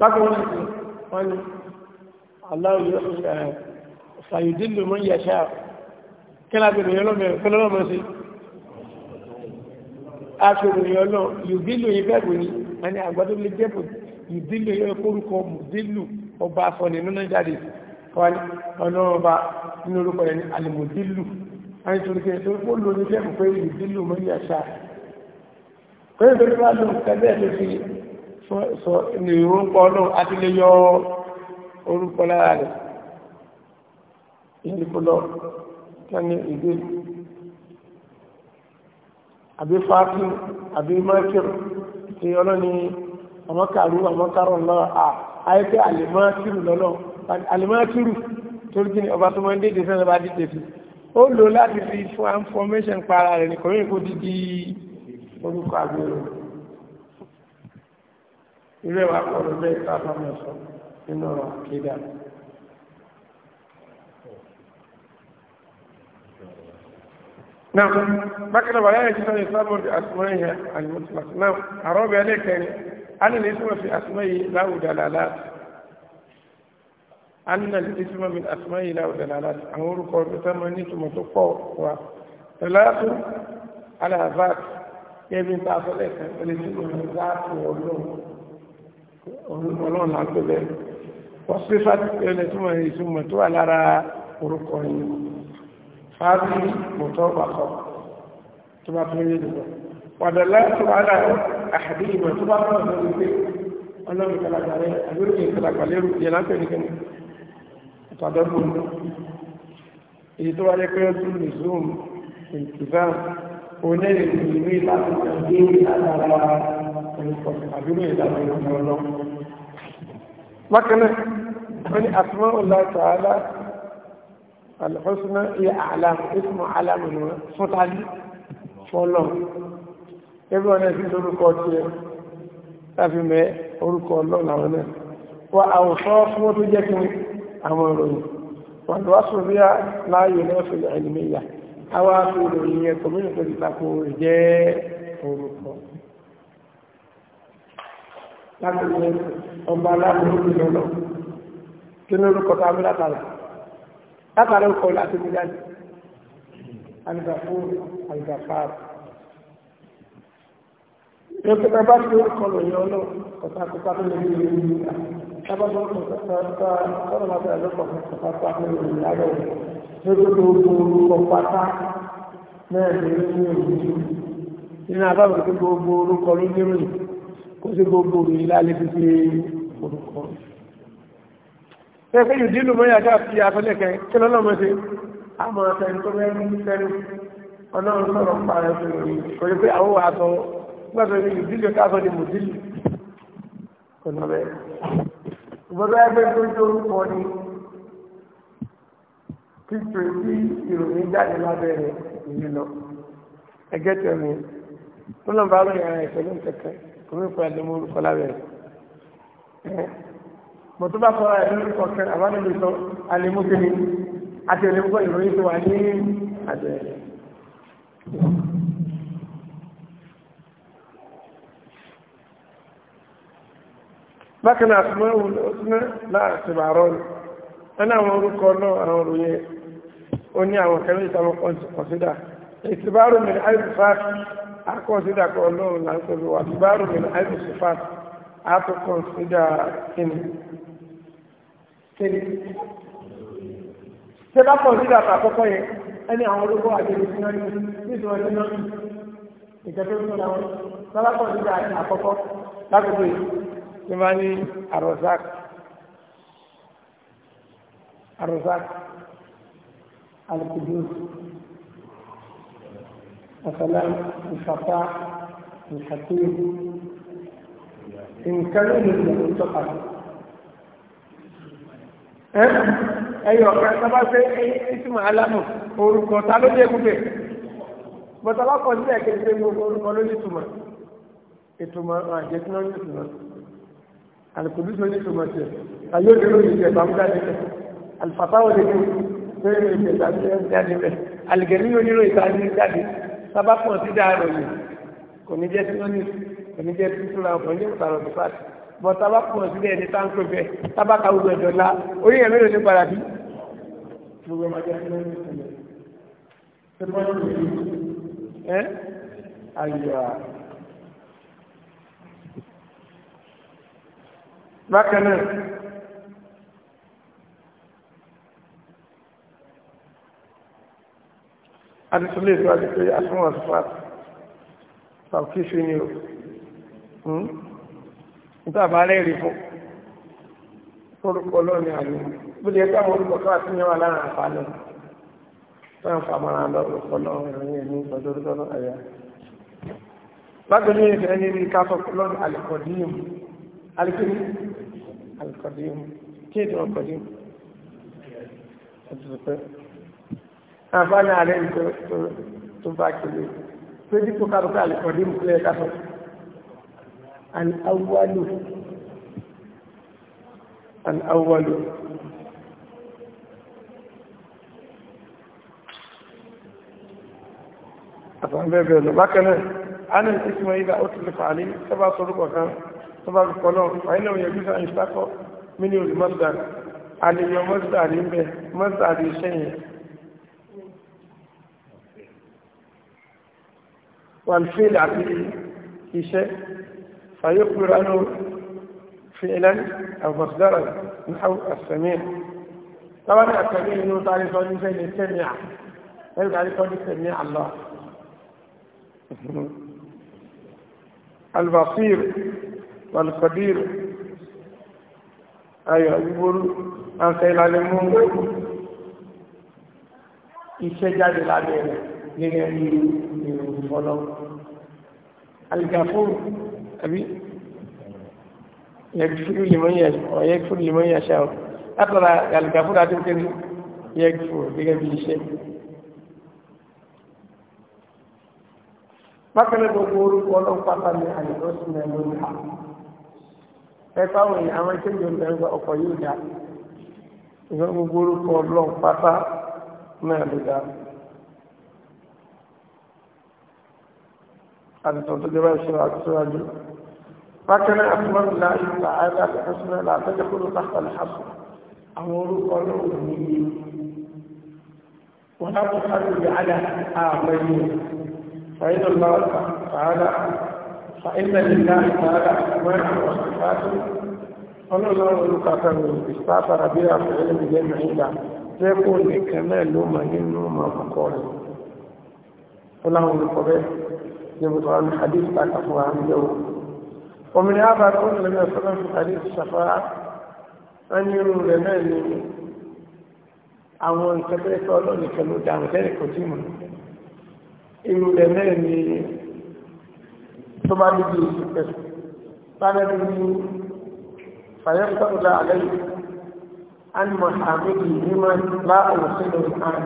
bákan wọn ti wọn ni aláwọ̀ yóò fàyòdìlù mọ́ yàṣà kíláàbìrì ọlọ́run fọlọ́run sí aṣòròyìn ọlọ́run yòdìlù yìí bẹ́ẹ̀ ní wọn ni lè jẹ́ bò yòdìlù yóò kórúkọ mòdìlù ọba afọ́ni nínú jáde wọ́n ọlọ́run ọba nínú orúkọ rẹ̀ ní alìmọ̀dílù àyìn tó rúkẹ́ tó rúkọ́ lórí fẹ́ẹ̀kù pé ìmọ̀dílù mọ́ ní àṣà pé nítorí wá lóun tẹ́lẹ̀ ló fi sọ ní orúkọ ọlọ́run àti lè yọ orúkọ lára rẹ̀ ìdíkọlọ tani ìdí àbí fáfin àbí mọ́kìrì tí ọlọ́ni ọmọkàrú ọmọkàrọ̀ náà à ayé pé àlèmọ́tìrù lọ́lọ́ àlèmọ́tìrù torí kí ni ọba tó máa ń dédé sẹ́nà bá dìde sí ó lò láti fi fún information para rẹ̀ nìkan yìí kó dídí orúkọ àgbèrò irú ẹ̀wà kọ̀ọ̀rọ̀ bẹ́ẹ̀ tó àfàmọ̀ sọ nínú ọ̀rọ̀ kéda. نعم ما كان بلاغة جدا يصابوا بأسمائها المطلق نعم أروبي عليك يعني أن الاسم في أسمائه له دلالات أن الاسم من أسمائه له دلالات أقول قول ثمانية متقوى ثلاث على ذات يبين تعصلك الاسم من ذات واللون واللون العقل وصفة الاسم هي ثم تعلى orúkọrin fáàbí mọ̀tọ́bàkọ̀ tó bá fún yé dùgbọ́. Wàdàlá tó àdéhùn tó bá bọ̀ lọ wípé ọlọ́run kàlàkà rẹ àlórí kàlàkà lérò yẹn lápẹ́ nìkan ìtàdọ́gbò ní èyí tó wáyé pé ọdún ní zoom ìtìbáà onẹ́rẹ̀ ìwé láti ṣàgbé látara ẹ̀kọ́ àdúgbò ìlànà ìlànà ọlọ́ bákanáà wọ́n ẹgbẹ́ wọn ẹ̀sìn lórúkọ tí ẹ láfi mẹ́ orúkọ ọlọ́run àwọn náà wà àwòsọ́ fún ó tó jẹ́ kí àwọn ìròyìn wọn lọ́wọ́ sọ bí láàyè náà fi ẹ̀lìmẹ́yà àwọn afi ìròyìn yẹn kòmínú tó ti tako rẹ̀ jẹ́ orúkọ láti ní ọba aláàbòrúkú lọ́lọ́ kí ní orúkọ tó abúlé àtàrà látàrí orúkọ láti mú jáde alìgbàfó alìgbàfáàrù Tẹ́kẹ́ tẹ́ bá ti orúkọ lò yọ lọ, kọ̀tàkùtà tó lè ní ìlú ìlú. Tábàbọ̀ kọ̀tàkùtà tọ́lọ̀ máa bẹ̀rẹ̀ lọ́pọ̀ kọ̀tàkùtà tó lè ní ìlú. Tẹ́kẹ́ tó orúkọ pátá náà lè ní ìlú. Nínú àbábọ̀ tó gbogbo orúkọ ló ní ìròyìn, kó sí gbogbo ìròyìn lálẹ́ fi ṣe orúkọ. Tẹ́kẹ́ yìí dínú mọ́yà dá fi afẹ́lẹ́kẹ́ kí lọ́lọ́mọdé, á mọ̀ ọ̀tẹ̀ ní gbọ́dọ̀ ní ìdílé káàkọ́ ní mùdílé kò ní bẹ́ẹ̀. ìgbọ́dọ̀ ẹgbẹ́ tó ń torúkọ ni títò sí ìròyìn jáde lábẹ́rẹ̀ ìlú lọ ẹgẹ́ tẹ̀mí tó lọ́n bá lóyún ara ìpẹ́lú kẹ̀kẹ́ kò ní fọ ẹ̀dẹ́mú orúkọ lábẹ́rẹ̀ mọ̀tò bá sọ ara ìlú orúkọ kẹ àbánilò sọ alẹ́mú kìíní àti ìlú ìròyìn tó bákan náà asùnmọ́ òsùnmọ́ láàṣìbà rọ́ọ̀lù ẹni àwọn orúkọ náà àwọn òròyìn ó ní àwọn kẹrin ìtàwọn kọ̀nsídà ìtìbárò mìíràn àìsùfáàt àkọ̀nsídà kọ̀ ọlọ́run là ń pè wà ìtìbárò mìíràn àìsùfáàt àtò kọ̀nsídà kíni kíni ṣé bá kọ̀nsídà àkọ́kọ́ yẹn ẹni àwọn orúkọ àjẹjì sí náà nítorí ọdún náà ìjọba tó ń tí wọ́n ní àròsák àròsák alùpùdùs asalam ìfapá ìfàkúrú nǹkan ló lè lè tó pàdé ẹyọ ọ̀kan sábà pé ìtumọ̀ alámù orúkọ ta ló dé kúbẹ̀ bọ́tà bá kọ sílẹ̀ kékeré gbogbo orúkọ ló ní ìtumọ̀ ìtumọ̀ àjẹsínà ní ìtumọ̀ alùpùpù ní ìtumọ̀ tẹ̀ ayé òdòdó ní ìjẹba ń jáde bẹ̀ alùpàtàwọ̀ lè kú pé ní ìjẹba ń jáde bẹ̀ alìgẹ̀ní onírò ìta ní jáde sábà pọ̀ sí dáàrọ̀ yìí kò ní jẹ́ sinoni kò ní jẹ́ tuntun àwọn ọ̀jẹ̀ ìtàrọ̀ tó fàtì bọ̀ sábà pọ̀ sí ẹni tá ń pè bẹ́ẹ̀ sábà ka wù ẹ̀dọ̀ la orí ẹ̀ mélòó bákan náà adìsúlẹ̀ ìlú àdìsúlẹ̀ yà fún wọn fún àti ni o hmm? níta bá rẹ́rì fún orúkọ lọ́ni àlọ́ bí lè dáwọn orúkọ tó àti yẹn wà lára àfààní táwọn fàmọ́ra lọ orúkọ náà rẹ̀ ní ìgbàdo orúkọ náà ẹ̀yà bákan náà ìfẹ́ ní القديم كيد القديم آه، أنا عليهم تباكي لي فيدي تقارك على القديم كليل أفر الأول الأول أفهم بيبيلو لكن أنا الاسم إذا أطلق عليه أنا صدق وكان tó bá kọ́ lọ àìlẹ́ òun yẹ̀bí sáà ìsákọ́ mini olù mọ́sídà àlèyàn mọ́sídà rí mbẹ mọ́sídà rí iṣẹ́ yẹn wàlfíìl àti iṣẹ́ fàyẹ́kù ránú fìlán àbọ̀sídára náà àsẹ̀mìn tọ́wọ́ ní àtẹ̀lé inú tàbí sọ ní sẹ́ni tẹ́mi à lẹ́yìn tàbí sọ ní tẹ́mi àlọ́ albasir والقدير ayọ̀ ìgboro àǹfẹ́ ìlànà mú iṣẹ́ jáde lábẹ́ rẹ̀ nínú ẹni ìrù fọ́lọ́ alìgàfóòrù àbí yẹgfúrú lèmọ́ yẹ ṣe àwọn látara alìgàfóòrù àti òkèrè yẹgfúrú gẹ́gẹ́ bí iṣẹ́ bákan náà gbogbo orúkọ ọlọ́pàá pátá ní àlùkò sí ẹ̀fọ́ àwọn èèyàn àwọn ìṣẹ́jú ìgbà ọkọ̀ yóò dá ìwọ́n gbogbo orúkọ ọlọ́run pátá náà ló dá. àtìtàn tó jẹ́ báyìí ṣọ́ra àti ṣọ́ra jù. bákan náà àtúmọ̀ nílá ìlà àìlá àtẹ̀kọ́sọ́nà ìlà àtẹ̀kọ́sọ́nà ìlà àtẹ̀kọ́sọ́nà àwọn orúkọ ọlọ́run ní wọn láti sáré ìyá àdá àpẹẹrẹ ìfàyínà فإن لله تعالى أسماء وصفات ọlọ́run olùkàtà ní ìsìpápá àbí àfẹ́lẹ́ ìjẹ́ nàìjíríà lẹ́kùn nìkan náà ló mọ̀ nínú ọkọ̀ rẹ̀ ọlọ́run olùkọ̀ bẹ́ẹ̀ yóò tọ́ra ní hadith àkàfọ́ àmì yóò òmìnira àbá tó ń lẹ́gbẹ̀ẹ́ sọ́dọ̀ fún hadith ṣàfá ánírú rẹ̀ náà ni àwọn nǹkan tẹ́lẹ̀ fẹ́ ọlọ́run tó bá níbi ìṣẹ̀lẹ̀ bánẹ́bí ní fàyẹ́sọ̀rọ̀lá àlẹ́ an mọ̀hàmídì nímọ̀ láàrùn sílẹ̀ ìhàn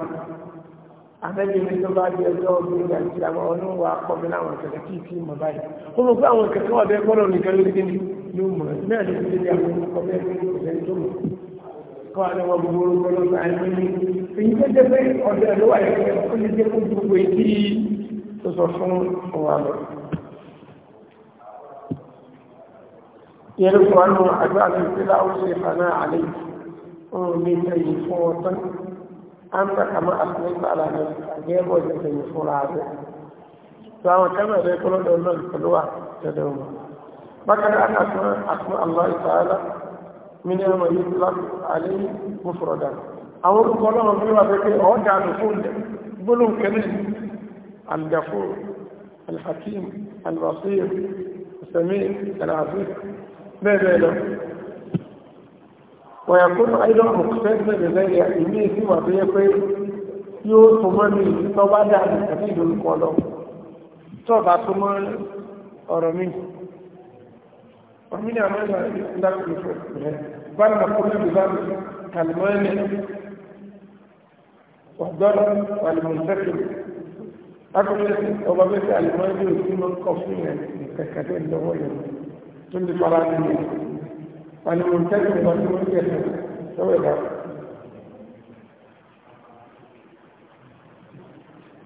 àmẹ́bí ní tó bá di ẹjọ́ obìnrin àti àwọn oníwà kọ́mi láwọn ìṣẹ̀lẹ̀ kí kí mọ̀ báyìí ó mọ̀ pé àwọn ìkẹ́kọ̀ọ́ ọ̀dẹ́ kọ́lọ̀ nìkan ló dé ní ló mọ̀ náà ló dé ní àwọn olùkọ́ mẹ́rin ìṣẹ̀lẹ̀ tó mọ̀ kọ́ àwọn ọmọ gbogbo orúkọ lọ́sọ̀ àìmọ́ ní èyí tó jẹ́ pé ọ̀dẹ́ ló wà yẹn ó lè jẹ́ kó gbogbo èyí tó sọ fún ọ̀wà يرفع عنه أدوان البلا وصفنا عليه ومن تجفوت أنت كما أثنيت على نفسك غير وجه تجفور هذا فهو كما يقول لنا الفلوة تدوم بكر أن أسماء أسماء الله تعالى من يوم يطلق عليه مفردا أو يقول لهم فلوة بكي أرجع نقول بلو كريم الغفور الحكيم البصير السميع العزيز bẹ́ẹ̀ lọ wọ̀yàkún àìdọ́ mọ̀kútẹ́sẹ̀ lẹ́lẹ́ ìlú ìsìnwà tó yẹ pé yóò tó mọ́ ní ìlú tó bá dà ní ẹ̀fẹ́ ìdórúkọ lọ tó bá tó mọ́ ọ̀rọ̀ mi ọ̀rọ̀ mi ni àwọn ẹ̀rọ ìdákùnrin fún rẹ̀ bá nà kó lè bá mi kàlùmọ́ ẹ̀ ọ̀dọ́rọ̀ àlùmọ̀tẹ́kì akọ̀tẹ́sì ọba من صلاة الليل والمنتجم والمنتجم سوى ذلك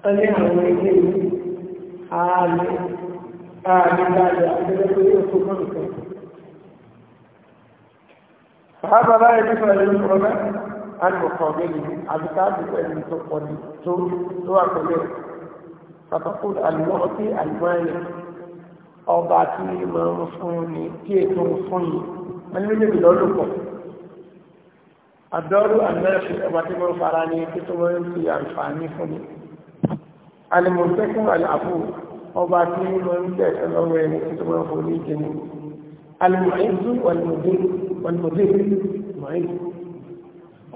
أنا أريد آل آل بعد أحدث يوسف فهذا لا يجب أن يفرد عن مقابله على تعبد أن تقبل تقبل فتقول المعطي المالك ọba tí máa ń fún ni tí ètò ń fún yìí wọ́n ní méjèèjì lọ́dún pọ̀ àdọ́rù àmẹ́rẹ̀fì ọba tí wọ́n fara ní tí tó wọ́n ń fi àǹfààní fún ni alìmọ̀tẹ́kùn àlàbù ọba tí wọ́n ń bẹ̀ lọ́wọ́ ẹni tí tó wọ́n fún ní ìjẹni alìmọ̀ẹ́dù wọ̀lmọ̀dé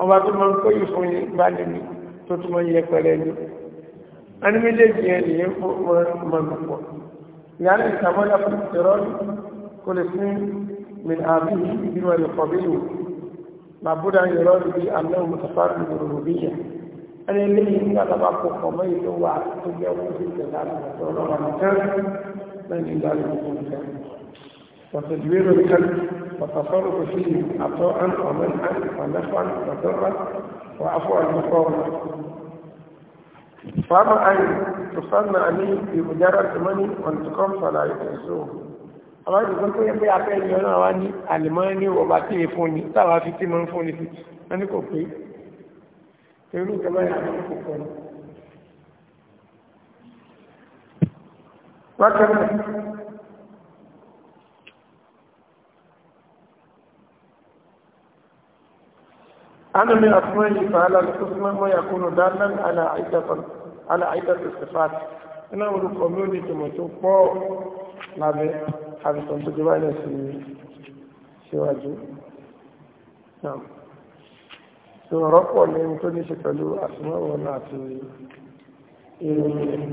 ọba tó máa ń kó yìí fún yìí bá lè ní tó tó máa ń yẹ pẹ̀lẹ́ ní يعني يتمنى في الاضطرار كل اثنين من آبيه بما يقابله لابد أن يراد به أنه متفرد بالربوبية أنا اللي إن تبقى قميت وتجاوز الكلام وتعلم المكان من إلا المكان وتدوير الكلب والتصرف فيه عطاء ومنحا ونفعا وضرا وعفوا المقاومة فأما أن تصنع لي بمجرد ثماني وأن تقوم فلا يكسوه àwọn ìdìbọn tó yẹ pé afẹ́ ìyẹn náà wá ní àlèmọ́ ní ọba tí è fún ni táwa fi tí mo ń fún ni sí wọn ní kò pé irú ìjọba yà ní kò pọ̀ أنا من أسمائه فعلى الحسنى ويكون دالا على عدة على عدة الصفات أنا أقول كوميونيتي متوقع لابي حبيت أن تجيبني في síwájú náà tí ó rọ́pọ̀ ní tó ní ṣe pẹ̀lú àtúnwọ̀n àti ìròyìn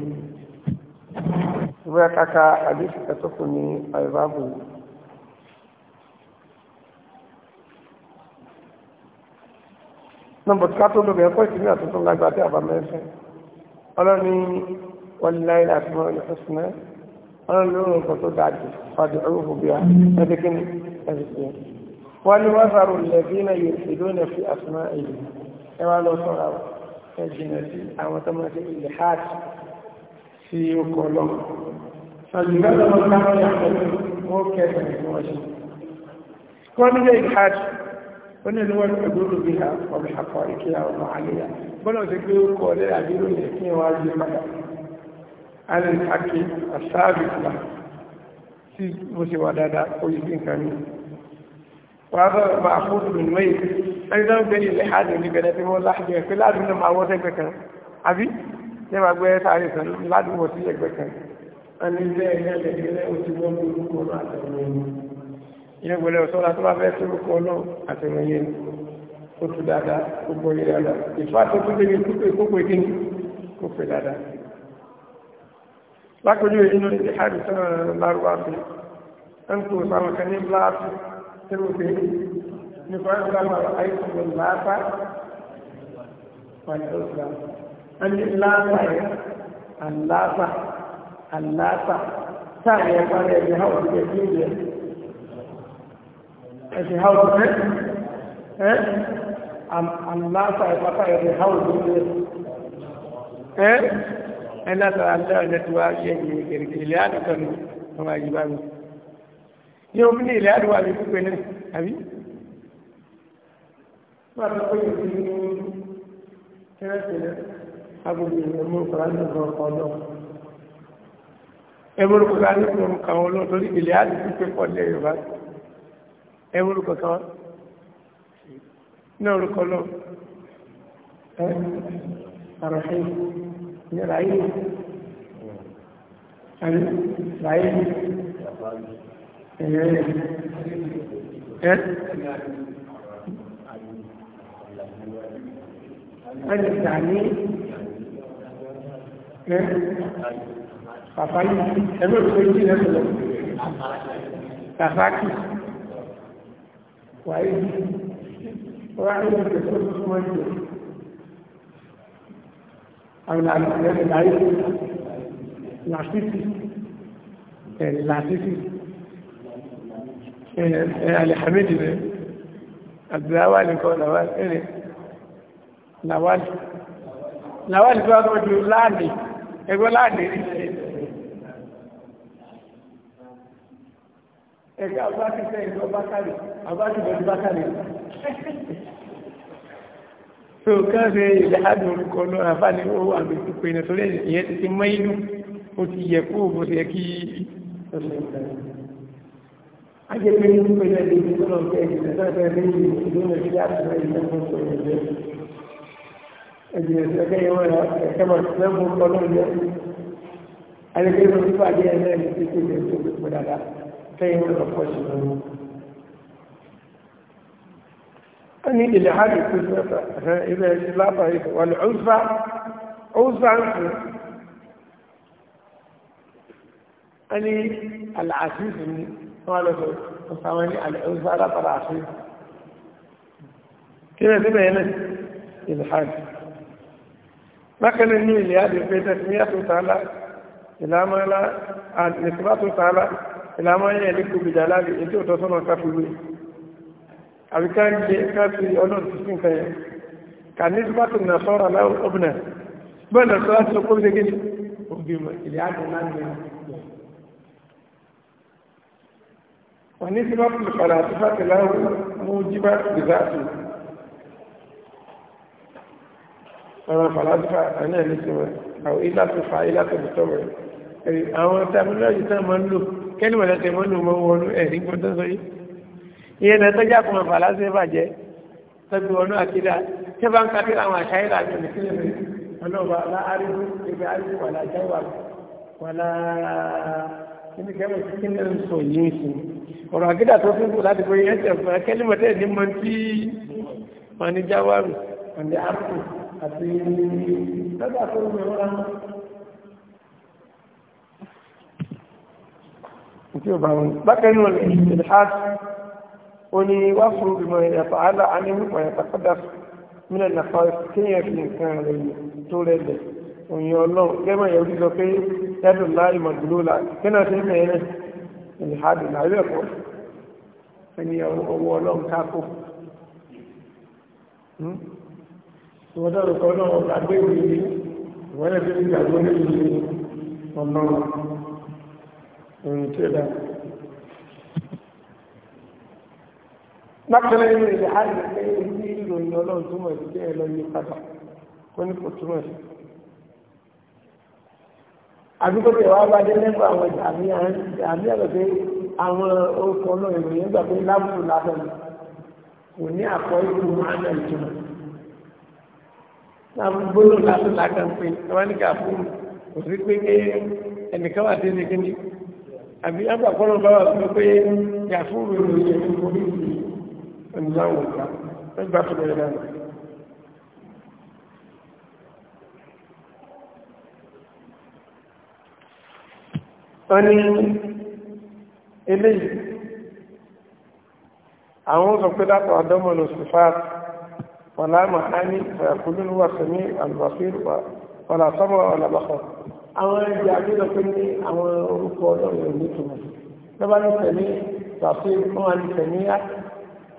ìwé kaka àdíṣẹ́kẹ́ tó kù ní àìbábùn nọmbà tí ká tó lóbi ẹ̀kọ́ ìsinmi àtúntò lágbà tí àbá mẹ́sìn ọlọ́ni wàlíláì láti mọ́ ilẹ̀ fẹ́sìnà ọlọ́ni ló rìn kan tó dájú fàdí ọrùn òbí wa ẹ̀dí kíni ẹ̀dí sí ẹ̀. wọ́n ní wọ́n sàrò lẹ́bí náà yóò fi ṣe ilẹ̀ hajj sí ó ní ìlúwọ́ ìgbòrò bí ọmọ àpọ̀ ìkíyà ọmọ àlèyà bọ́lọ̀ sí pé ó kọ̀ lẹ́yà bí ló yẹ kí wọ́n á gbé padà alẹ́ àkí àṣáàbì ìgbà tí mo ṣe wà dáadáa ó yìí nǹkan mi wà á bọ̀ máa fún ìlú mẹ́yì ẹni tó ń gbé ní ilẹ̀ inú gbọ́lẹ̀ ọ̀sọ́lá tó bá fẹ́ tó rúkọ náà àti ìròyìn ó tún dáadáa gbogbo yìí dáadáa ìfà tó tún débi kúpè kúpè kí ni kúpè dáadáa lákòójú inú ìdí àdì tó ń lárúbá fi ń kó sáwọn kan ní láàpù tí mo kọ́ ẹ̀rọ láwọn àìsàn ló láàpá wọn tó sọ wọn ní láàpá ẹ̀sìn house ẹ́ ẹ́ àmàlásà ìpapá ẹ̀sìn house ẹ́ ẹ́ ẹ́ látara lẹ́ọ̀dẹ́ tí wàá yẹ gẹ̀rẹ́gẹ̀rẹ́ ilé àdúgbò ni wọ́n máa yí bá mi ní omi ní ilé àdúgbò àbí pípé náà àbí wọ́n ti pé ìdí ní kẹ́rẹ́sìlẹ̀ agbègbè ìrẹ̀mú ìfọ̀rọ̀lẹ́ ọ̀dọ́ ẹgbẹ́ olùkọ́ta ní ìfọ̀rọ̀ kan olóòtórí ilé àdúgbò pípé pọ̀ lẹ́yìn báyìí ẹ orúkọ kan ní orúkọ lọ ẹ àròhìn ní ràyè àbí ràyè ẹ̀yẹ ẹ. Ẹni ìdáni ẹ pàpáyé ẹgbẹ́ òṣèlú ìrẹsì lọ. Kàfáàkì wàáyé wàáyé ní ìgbésẹ̀ tó súnmọ́ ìgbè àwọn àgbẹ̀rẹ̀ láyé làṣítì ẹ̀ làṣítì ẹ̀ alìhàmídì rẹ̀ àdìláwà nìkan làwàlì ẹ̀rẹ̀ làwàlì làwàlì tó wá tó ju láàdì ẹgbẹ́ láàdì rí ẹ̀ka abájú sẹ́yìn lọ bákàrí abájú bọ̀ sí bákàrí tó káṣe ìdáhàdùn orúkọ lọ àfáàní owó àgbẹ̀sí pé iná torí ìyẹn ti ti mọ́ inú ó ti yẹ kó bó ti yẹ kí ajẹ́pẹ́ ní pé náà lè ní ọ̀nà ọ̀gá ìgbìmọ̀ sáfẹ́ lẹ́yìn ìdúró sí àtúnṣe ìdánwò tó ń jẹ́ ẹgbẹ̀rẹ̀ ẹgbẹ́ yẹn wọ́n ẹ̀kẹ́ mọ̀ sí lẹ́mú ọlọ́run jẹ́ alẹ́gbẹ́ ìfọ̀sífọ̀ àjẹ́ ẹ̀ náà ní pípé ìgbẹ́ tó gbé dáadáa أنا أقول لك أني إلحاد كل هذا إلى إلاطة والعزة عزة أني العزيز مني قال له فسامني العزة لا تراخي كذا تبين إلحاد ما كان النيل يا بيت سمية تعالى إلى ما لا آه، نسبة تعالى ìlànà yẹn lè kó gbèjà láàbì ètò ọ̀tọ̀ sọ́nà káfíwé àbí ká ń jẹ káfí ọlọ́run ti sí nǹkan yẹn kà ní sípàtì nà sọ́ra láwọn ọ̀bùnà bẹ́ẹ̀ lọ sọ́ra sọ kó ṣe gẹ́gẹ́ òbí mọ̀ ìlẹ̀ àdó náà ń wọ́n ní sípàtì lùkàlà àti sípàtì láwọn mú jíbá gbèsàtì àwọn fàlásífà àná ẹ̀ ní sí àwọn ilá tó fa ilá tó bùtọ́ wọn àwọn tàbí kẹ́ni mọ̀lẹ́ tẹ̀ mọ́nu mọ́ wọnú ẹ̀rí gbọ́dọ̀ sọ yìí ìyẹn náà tọ́jú àkùnmọ̀ bàlá ṣe bàjẹ́ tọ́jú wọnú àkídá tẹ́ bá ń ka kíra àwọn àṣà ìlà àjọ nìkílẹ̀ mi ọlọ́ọ̀bà alá arígbó ebi arígbó wàlá jáwà wàlá kíni kẹ́mọ̀ sí kíni ń sọ yìí sí ọ̀rọ̀ àkídá tó fi kù láti fọyín ẹ̀sẹ̀ ń bẹ̀rẹ̀ wọn tí ó bá wọn bákẹ́rin wọn ìlhàt ó ní wá fún ìmọ̀ ìyàtọ̀ àlà àní wípọ̀ ìyàtọ̀ padà mílẹ̀ nàfà kéèyàn fi nǹkan rẹ̀ tó rẹ̀lẹ̀ òyìn ọlọ́run gẹ́mọ̀ ìyàwó sọ pé yàtọ̀ láì mọ̀ dúró la kí náà ṣe ń mẹ́rin ìlhàt ìlhàlẹ̀ pọ̀ ẹni ọwọ́ ọlọ́run káàkó ìwọ́dọ̀ rẹ̀ kọ́ náà ọ̀gá gbé ìwé ìwọ́dọ̀ ohun tí ó dá bákan náà ní ìdá àti pé ní ìròyìn ọlọ́run túmọ̀ sí bẹ́ẹ̀ lọ yí padà kó ní kò túmọ̀ sí àdúgbò tí wàá bá dé lẹ́gbà àwọn ìdààmú àmì ọ̀rọ̀ pé àwọn orúkọ náà ìròyìn gbà pé lábùkù lásán kò ní àkọ́ ìlú máa ń ìtumọ̀ láàbù gbólóhùn lásán lákàn pé wọ́n ní kà fún òsì pé ẹnìkan wà dé ní kíní àbí agbàkọ́nà bá wà fún pé yàfúrú ìròyìn ẹ̀mí orí ìrìnláwò ká ẹgbà fún ẹ̀rẹ́ náà wọ́n ní eléyìí àwọn sọ pé látọ̀ àdọ́mọ̀nà sùfáà wọ̀lá màá ní ẹ̀kùnlélúwà sẹ́mí àlùbàfíì wọ̀lá sọ́mọ̀ ọ̀làbàkọ̀ àwọn ẹgbẹ́ àgbélọ pé ní àwọn orúkọ ọlọ́run ò ní tòun lọ́ba ní tẹ̀mí tàbí wọ́n wá ní tẹ̀mí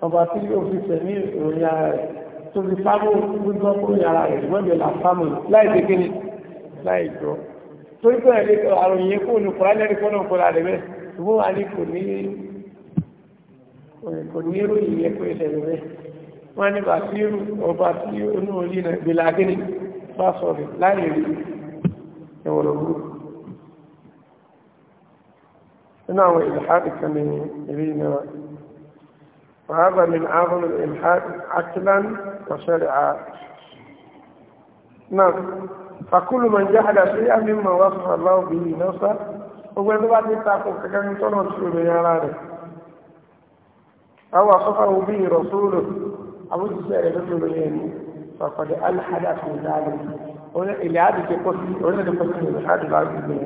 ọba tí yóò fi tẹ̀mí ìròyìn ara rẹ̀ tó fi fáwọn gbígbọ́ kúrò yàrá rẹ̀ wọ́n jẹ́ là fámù láì dé kíni láì jọ torí pé ẹ̀lẹ́ àrùn yẹn kó ní kọ́lá lẹ́rìí kọ́nà kọ́lá rẹ̀ bẹ́ẹ̀ ṣùgbọ́n wà ní kò ní ìròyìn yẹn kó ìṣẹ̀lẹ̀ bẹ́ẹ̀ wọ́n ẹ̀wọ̀n lọ́gbọ́. nínú àwọn وهذا من أعظم الإلحاد عقلا وشرعا نعم فكل من جحد شيئا مما وصف الله به نفسه هو وقد بعد التعقل كان يتعلم رسول من رارك أو وصفه به رسوله أو السائل الرجلين يعني. فقد ألحد في ذلك اللي عادي في قصة وإنه دي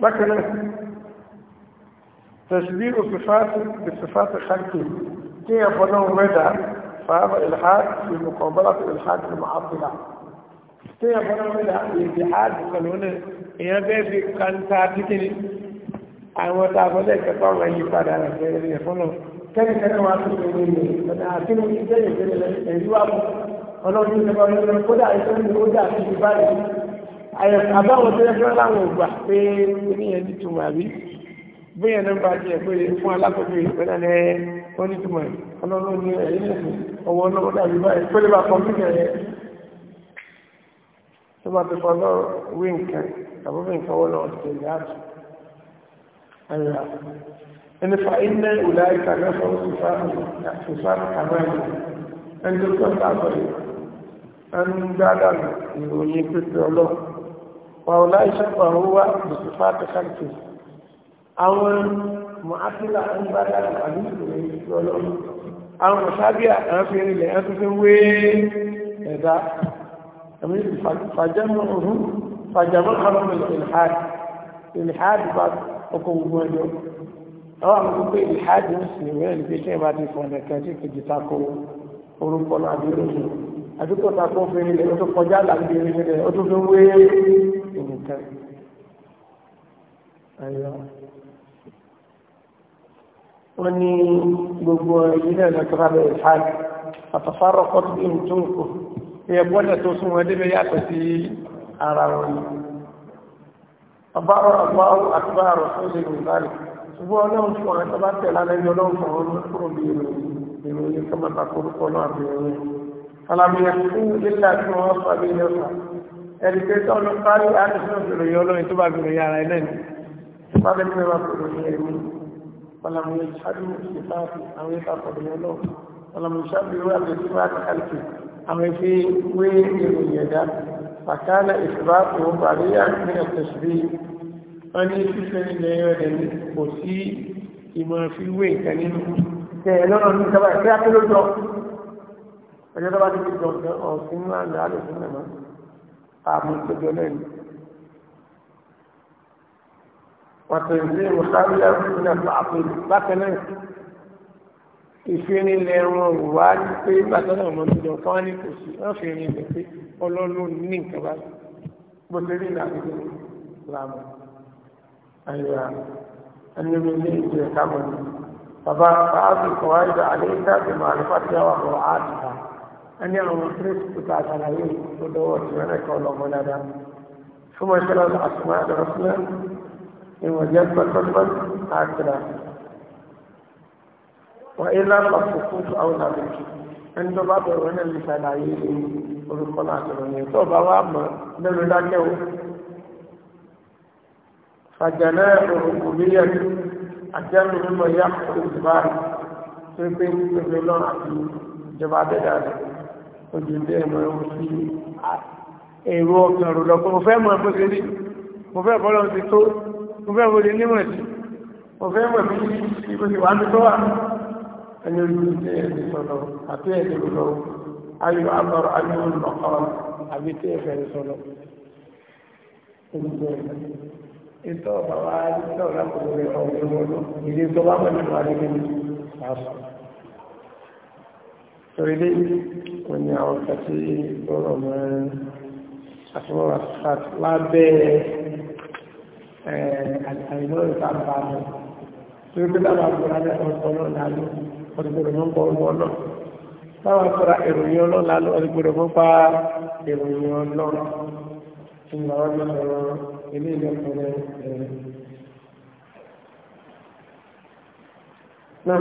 مثلا تشبيه الصفات بالصفات الخلقية كي يفضلوا مدى فهذا الحاد في مقابلة الحاد المعطلة كي يفضلوا مدى الحاد يقولون يا بيبي كان تعطيني أنا ما تعبوني كتور ما يفعل أنا كي يفضلوا كان يفضلوا مدى الحاد كان يفضلوا مدى الحاد ọlọ́run ní ọmọ ẹgbẹ́ kódà ẹgbẹ́ ní kódà ti di báyìí àbáwọn tó yẹ kí wọ́n láwọn ògbà pé oníyẹn ní tùmọ̀ àbí bóyá ní bá jẹ pé fún alákòókò ìpínlẹ̀ ní wọ́n ní tùmọ̀ ọlọ́run ní ẹ̀yìn nìkan ọwọ́ ọlọ́run dàbí báyìí pé lè bá kọ́mpútà yẹ tó bá ti fọlọ́ wí nǹkan àbúrò nǹkan wọ́n lọ́wọ́ ti tẹ̀lé àjù ayọ̀ ẹni fa iná ìwòlá ìkàgbẹ́fọ́ fífa àmọ́ ẹni tó tọ́ ẹnu gbádàlù ìròyìn pípẹ́ ọlọ́ wàhùlá ìṣẹ́pà ó wá bùsùfà tẹ́kàtì àwọn mọ̀áfílà ń gbádàlù àbí ìròyìn pípẹ́ ọlọ́ àwọn mọ̀sábíà ń fi rinlẹ̀ ẹ́ tuntun wé ẹ̀dá ẹ̀mí fàjẹ́mọ̀ ọ̀hún fàjẹ́mọ̀ ọ̀hún ìlhàdì ìlhàdì bá ọkọ̀ gbogbo ẹjọ́ àwọn àwọn gbogbo ìlhàdì ń sìn mẹ́rin pé kí ẹ bá ti fọ̀nà kẹ́ńtì kejì àdúgbò ta kó fi ilẹ̀ ó tó kọjá làbí ilẹ̀ ó tó fi wé nǹkan. wọ́n ní gbogbo ilé ẹ̀lẹ́tọ́ra bẹ̀rẹ̀ ṣáàlì àtọ̀fárọ̀ kọ́tù bí n tó ń kò ẹ bọ́lẹ̀ tó sún wọn débẹ̀ yàtọ̀ sí ara wọn ni. ọbárọ̀ àgbáwọ̀ àtúbárọ̀ tó lè rìn báyìí ṣùgbọ́n ọlọ́run fún àwọn ẹ̀tọ́ bá tẹ̀lé alẹ́ ní ọlọ́run fún àwọn fàlàmì ẹ̀sìn lílà tí wọ́n fà bí ilé fà ẹ̀dìkẹ́tọ̀ ọ̀nà parí àdìsínà fèrè yọ lóyìn tó bá fèrè yàrá ilẹ̀ ni tó bá bẹ́ẹ̀ mẹ́wàá fèrè ní ẹ̀mí fàlàmì ìṣáájú ìfàfì àwọn ìfà fọ̀dù yẹn lọ fàlàmì ìṣáájú ìwé àti ìfà àti àwọn ìfi wé ìròyìn fàkánà ìfà tó parí àdìsínà tẹ̀síbí wọn ní fífẹ́ ilẹ̀ ẹ̀rẹ̀ ni kò sí ìmọ̀ fi wé ìkànnì tẹ̀ ní sábà kí á ọjọ́ tó bá ti fi jọ ọ̀sẹ̀ ọ̀sìn ńlá ní alòsùn náà àmì ìpéjọ náà ni wọ́n tó ìlú ìwòsànlẹ̀ ìpínlẹ̀ pàápàá bákan náà ìfinilẹ̀ wọn wá ní pé bákan náà wọn ti jọ kán ní kò sí wọ́n fi rìn ilẹ̀ pé ọlọ́run ní nǹkan bá bó ti rí ìlànà ìlú làmù àyà ẹnìmí ní ìjọ ẹ̀ka mọ̀ ní bàbá ẹni àwọn kírísítì tá a ṣàlàyé tó dọwọ́ tí wọ́n kọ́ lọ́mọ dáadáa fún wọn ṣẹlẹ̀ àtúmọ̀ àdọ̀rọ̀ sílẹ̀ ìwọ̀n jẹ́ pẹ́pẹ́pẹ́ àkìlà wọ́n ilá pàṣẹ fún àwọn àbẹ̀kì ẹni tó bá bẹ̀rẹ̀ wọn lè ṣàlàyé orúkọ náà tó lọ́yẹ tó bá wà mọ́ lẹ́nu dákẹ́ o fàjẹ̀lẹ́ òrùkù bíyẹn àjẹ́nu mímọ̀ yá òrùkù báyìí tó pé ìpínlẹ̀ àti ìjọba adẹ́dàá rẹ̀ ojúndé ẹ̀mọ̀ ẹ̀wọ̀n sí èrò ọkàn rò lọ́pọ̀ mo fẹ́ mọ̀ bó ṣe rí mo fẹ́ bọ́lọ̀ ti tó mo fẹ́ bó ṣe nímọ̀ sí mo fẹ́ mọ̀ bí ibo ṣe wà ní tó wà ẹni olùdíje ẹni sọ̀rọ̀ àti ẹni lọ́wọ́ ayọ̀ àbọ̀rọ̀ ayọ̀ lọ́kọ̀ àbí tí ẹ̀fẹ̀ sọ̀rọ̀ ìtọ́ bàbá ìtọ́ lápòlò rẹ̀ ọ̀gbọ̀n ìdí tó bá mọ̀ nínú àrígbẹ̀mí wọ́n ní àwọn kan tí lọ́rọ̀ mọ́ àtúnwọ́ra lábẹ́ àìmọ́ ìta bá lọ tí ó gbéra bá bọ̀rọ̀ alẹ́ ọ̀tọ̀ náà lálẹ́ ọ̀dùgbòrò mọ́ pọ̀ ọmọ náà táwọn sọ̀rọ̀ ìròyìn ọlọ́run lálẹ́ ọ̀dùgbòrò náà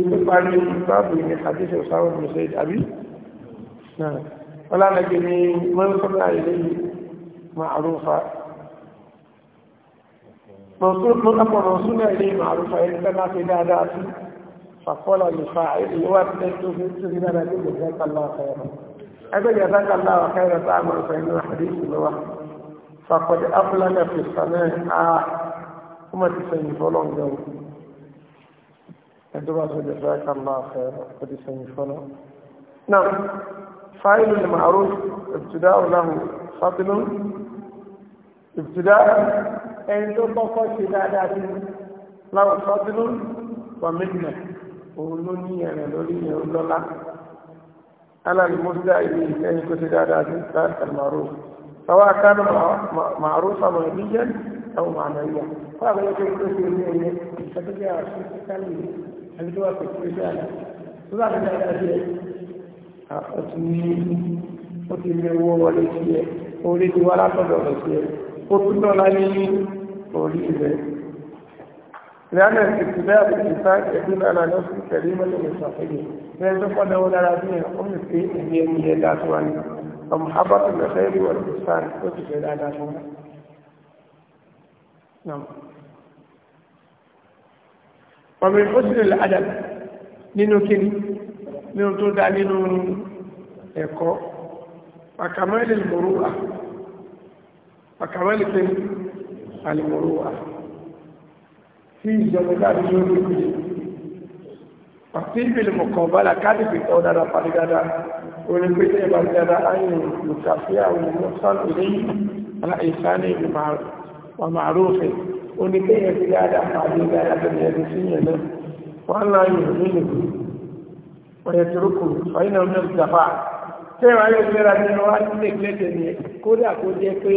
ibi parí báàbù ní àdíṣe òsáwọn mùsẹ̀ ìdàbí náà wọ́n lálẹ́gbẹ̀ ní mọ́nsọ́lá ilé ma'arufa mọ́nsọ́lá ilé ma'arufa ẹni tẹ́lá fi dáadáa sí fàkọ́lá lè fa ìlú wà tẹ́ tó fi tó fi dáadáa sí ìjẹ́kàlá ọ̀fẹ́rẹ́ ẹgbẹ́ ìjẹ́kàlá ọ̀fẹ́rẹ́ tá a mọ̀ ìfẹ́ inú àdíṣe lọ́wọ́ fàkọ́lá fi sàmẹ́ àà kúmọ̀ ti sẹ́yìn fọ́lọ́ ẹ̀dọ́ bá sọ jẹ́sọ́ ẹ̀ka máa fẹ́ ọ ti sẹ́yìn fọ́nà. náà fáìlì ní màárù ìbùtúdá ọ̀làhùn fábílù ìbùtúdá ẹni tó kọ́kọ́ ṣe dáadáa sí láwọn fábílù wàmínà òun ló ní ẹ̀rẹ̀ lórí ẹ̀rọ lọ́lá alàlùmọ́sílá ìlú ìkẹyìn kó ṣe dáadáa sí láàrín màárù سواء كان معروفا مهديا او معنويا فهذا يجب ان يكون في ẹni tó wà pé kí ẹgbẹ́ àlá tó bá ti dáadáa jẹ ọtún ní ó ti lé owó wọlé sí ẹ orí ti wá látọ̀dọ̀ rẹ̀ sí ẹ ó tún dọ́là ní orí rẹ̀ لأن الابتداء بالإنسان يدل على نفس الكريمة لصاحبه فيصف له لربه قم في أهميته لا تعني ومحبة الخير والإحسان وتجعل على نعم ọmọ ìfọ́sílẹ̀ adab nínú kíní nínú tó dá nínú ẹ̀kọ́ pàkàmẹ́lì mọ̀rúwà pàkàmẹ́lì kíní alìmọ̀rúwà tí ìjọba dáadé lórí ìkúyè pàtí ìbìlì mọ̀kànbálà káàdìbì tó dára pàdé dáadáa onígbésẹ̀ ìbàdàdà ayé lùkàfíà òun mọ́sán ìlẹ́yìn aláìsáni ìmọ̀ àrùn oníkéyàn ti dáadáa pàdé dáadáa tó ní ẹni sí yẹn náà wọ́n lọ yìí nílùú ọ̀yẹ̀ turuku ọ̀yìn ọ̀nà ìjàpá tẹ́ wọ́n yóò gbéra ní wọ́n á nílé gbẹ́dẹ̀ ní kódà kó jẹ́ pé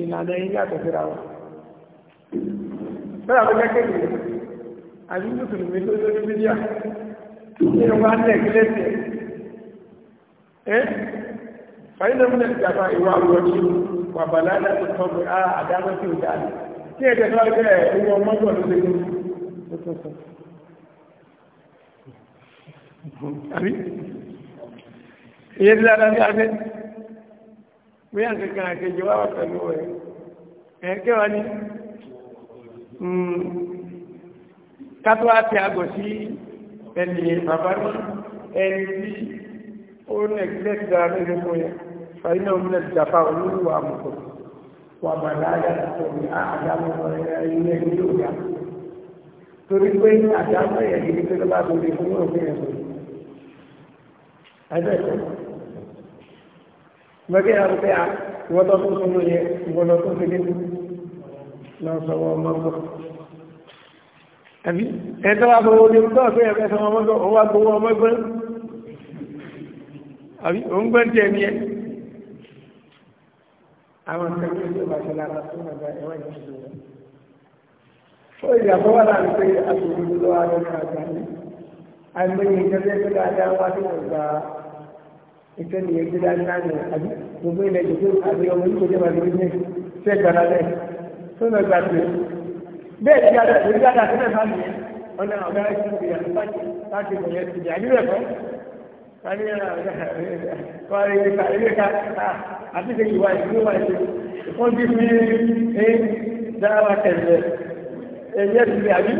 ìlànà yín yàtọ̀ síra wọn. bẹ́ẹ̀ àwọn jẹ́ kékeré àbí mùsùlùmí tó lórí ní ẹ́ ọ̀yìn ìjàpá ìwà tí ẹ̀jẹ̀ tó ẹgbẹ́ owó ọmọdún ọdún lé lórí àbí ìyẹ́ tí a ní abẹ́ bí i àkẹ́kẹ́ àkẹ́jọ wà wà pẹ̀lú ẹ̀ ẹ̀kẹ́ wà ní hmm. kátó àti àgọ̀ sí ẹni bàbá ní ẹni tí ó ní ẹgbẹ́ ti dára lórí fún yẹn fàyínà òmìnira ìjàpá olóòwò àmọ̀kọ̀ọ̀ wàmàláyàtọ̀ ní àdámọ̀ ilé yóò yá torí pé àdámọ̀ yẹn kìí pé lọ́ba tó lè fún òfin ẹ̀sùn ẹgbẹ́ ẹ̀sùn mọ́kẹ́ yà pé à wọ́n tó tún sunu yẹ wọ́n lọ tó fi dé náà sọ̀rọ̀ ọmọ gbọ́ àbí ẹ̀tọ́ wa gbowó ní ọjọ́ ọ̀sẹ̀ yẹn fẹ́ sọ̀rọ̀ ọmọ gbọ́ òun wa gbowó ọmọ àwọn akẹ́kọ̀ọ́ yìí ló bá ṣe lára tó ń bá ẹ̀wọ̀n yìí ṣe lọ. ó ìyàbọ̀ wà láti pé àtòkùnrin lọ́wọ́ adọ́nà àgbà ní àìmọye ìjọba ẹgbẹ́ dáadáa wá sí ọ̀gbà ìtẹ́ni ẹgbẹ́ dáadáa ní àbí gbogbo ilẹ̀ ìdòkó àbí ọmọ yìí kò jẹ́ bàbá ìdílé tí ẹ gbàdá bẹ́ẹ̀ tó lọ gbà pé bẹ́ẹ̀ ti àdá ìdílé àdá tó ní ọ̀ ilé-ìka ilé-ìka àti ṣe ìwà ìlú wà ṣe wọ́n bí fi ẹ́ dára kẹ̀lẹ̀ ẹ̀yẹ́ ti rí àbí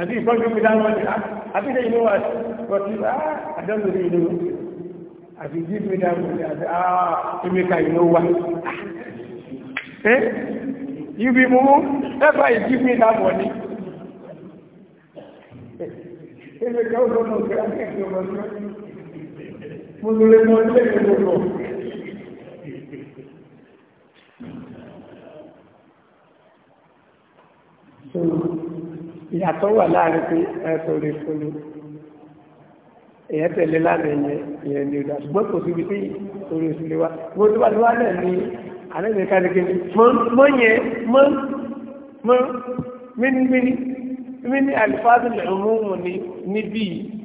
àti ìfọ́jú mi dára wọ́n àti ṣe ìlú wà ṣe àdánù rí ìlú àti jí mi dára wọ́n àti àmìka ìlú wà ibi mú ẹgbà ìjí mi dára wọ́n ni Ebe ka ụzọ n'oge aka eke ọmọ mo ló lé mọ́ ilé ìgbòho ìyàtọ̀ wà láàrin pé ẹ̀sọ̀rọ̀ ìfúnni èyàn tẹ̀lé lánàá yẹn ìyẹn ni ìdá ṣùgbọ́n kò síbi tí orí oṣù lè wá mo tó bá ti wá náà ní àlẹ́bẹ̀ẹ́ kánikẹ́ni mọ́ yẹn mọ́ mọ́ mímí mímí alifásílẹ̀ òmùmù ni níbí yìí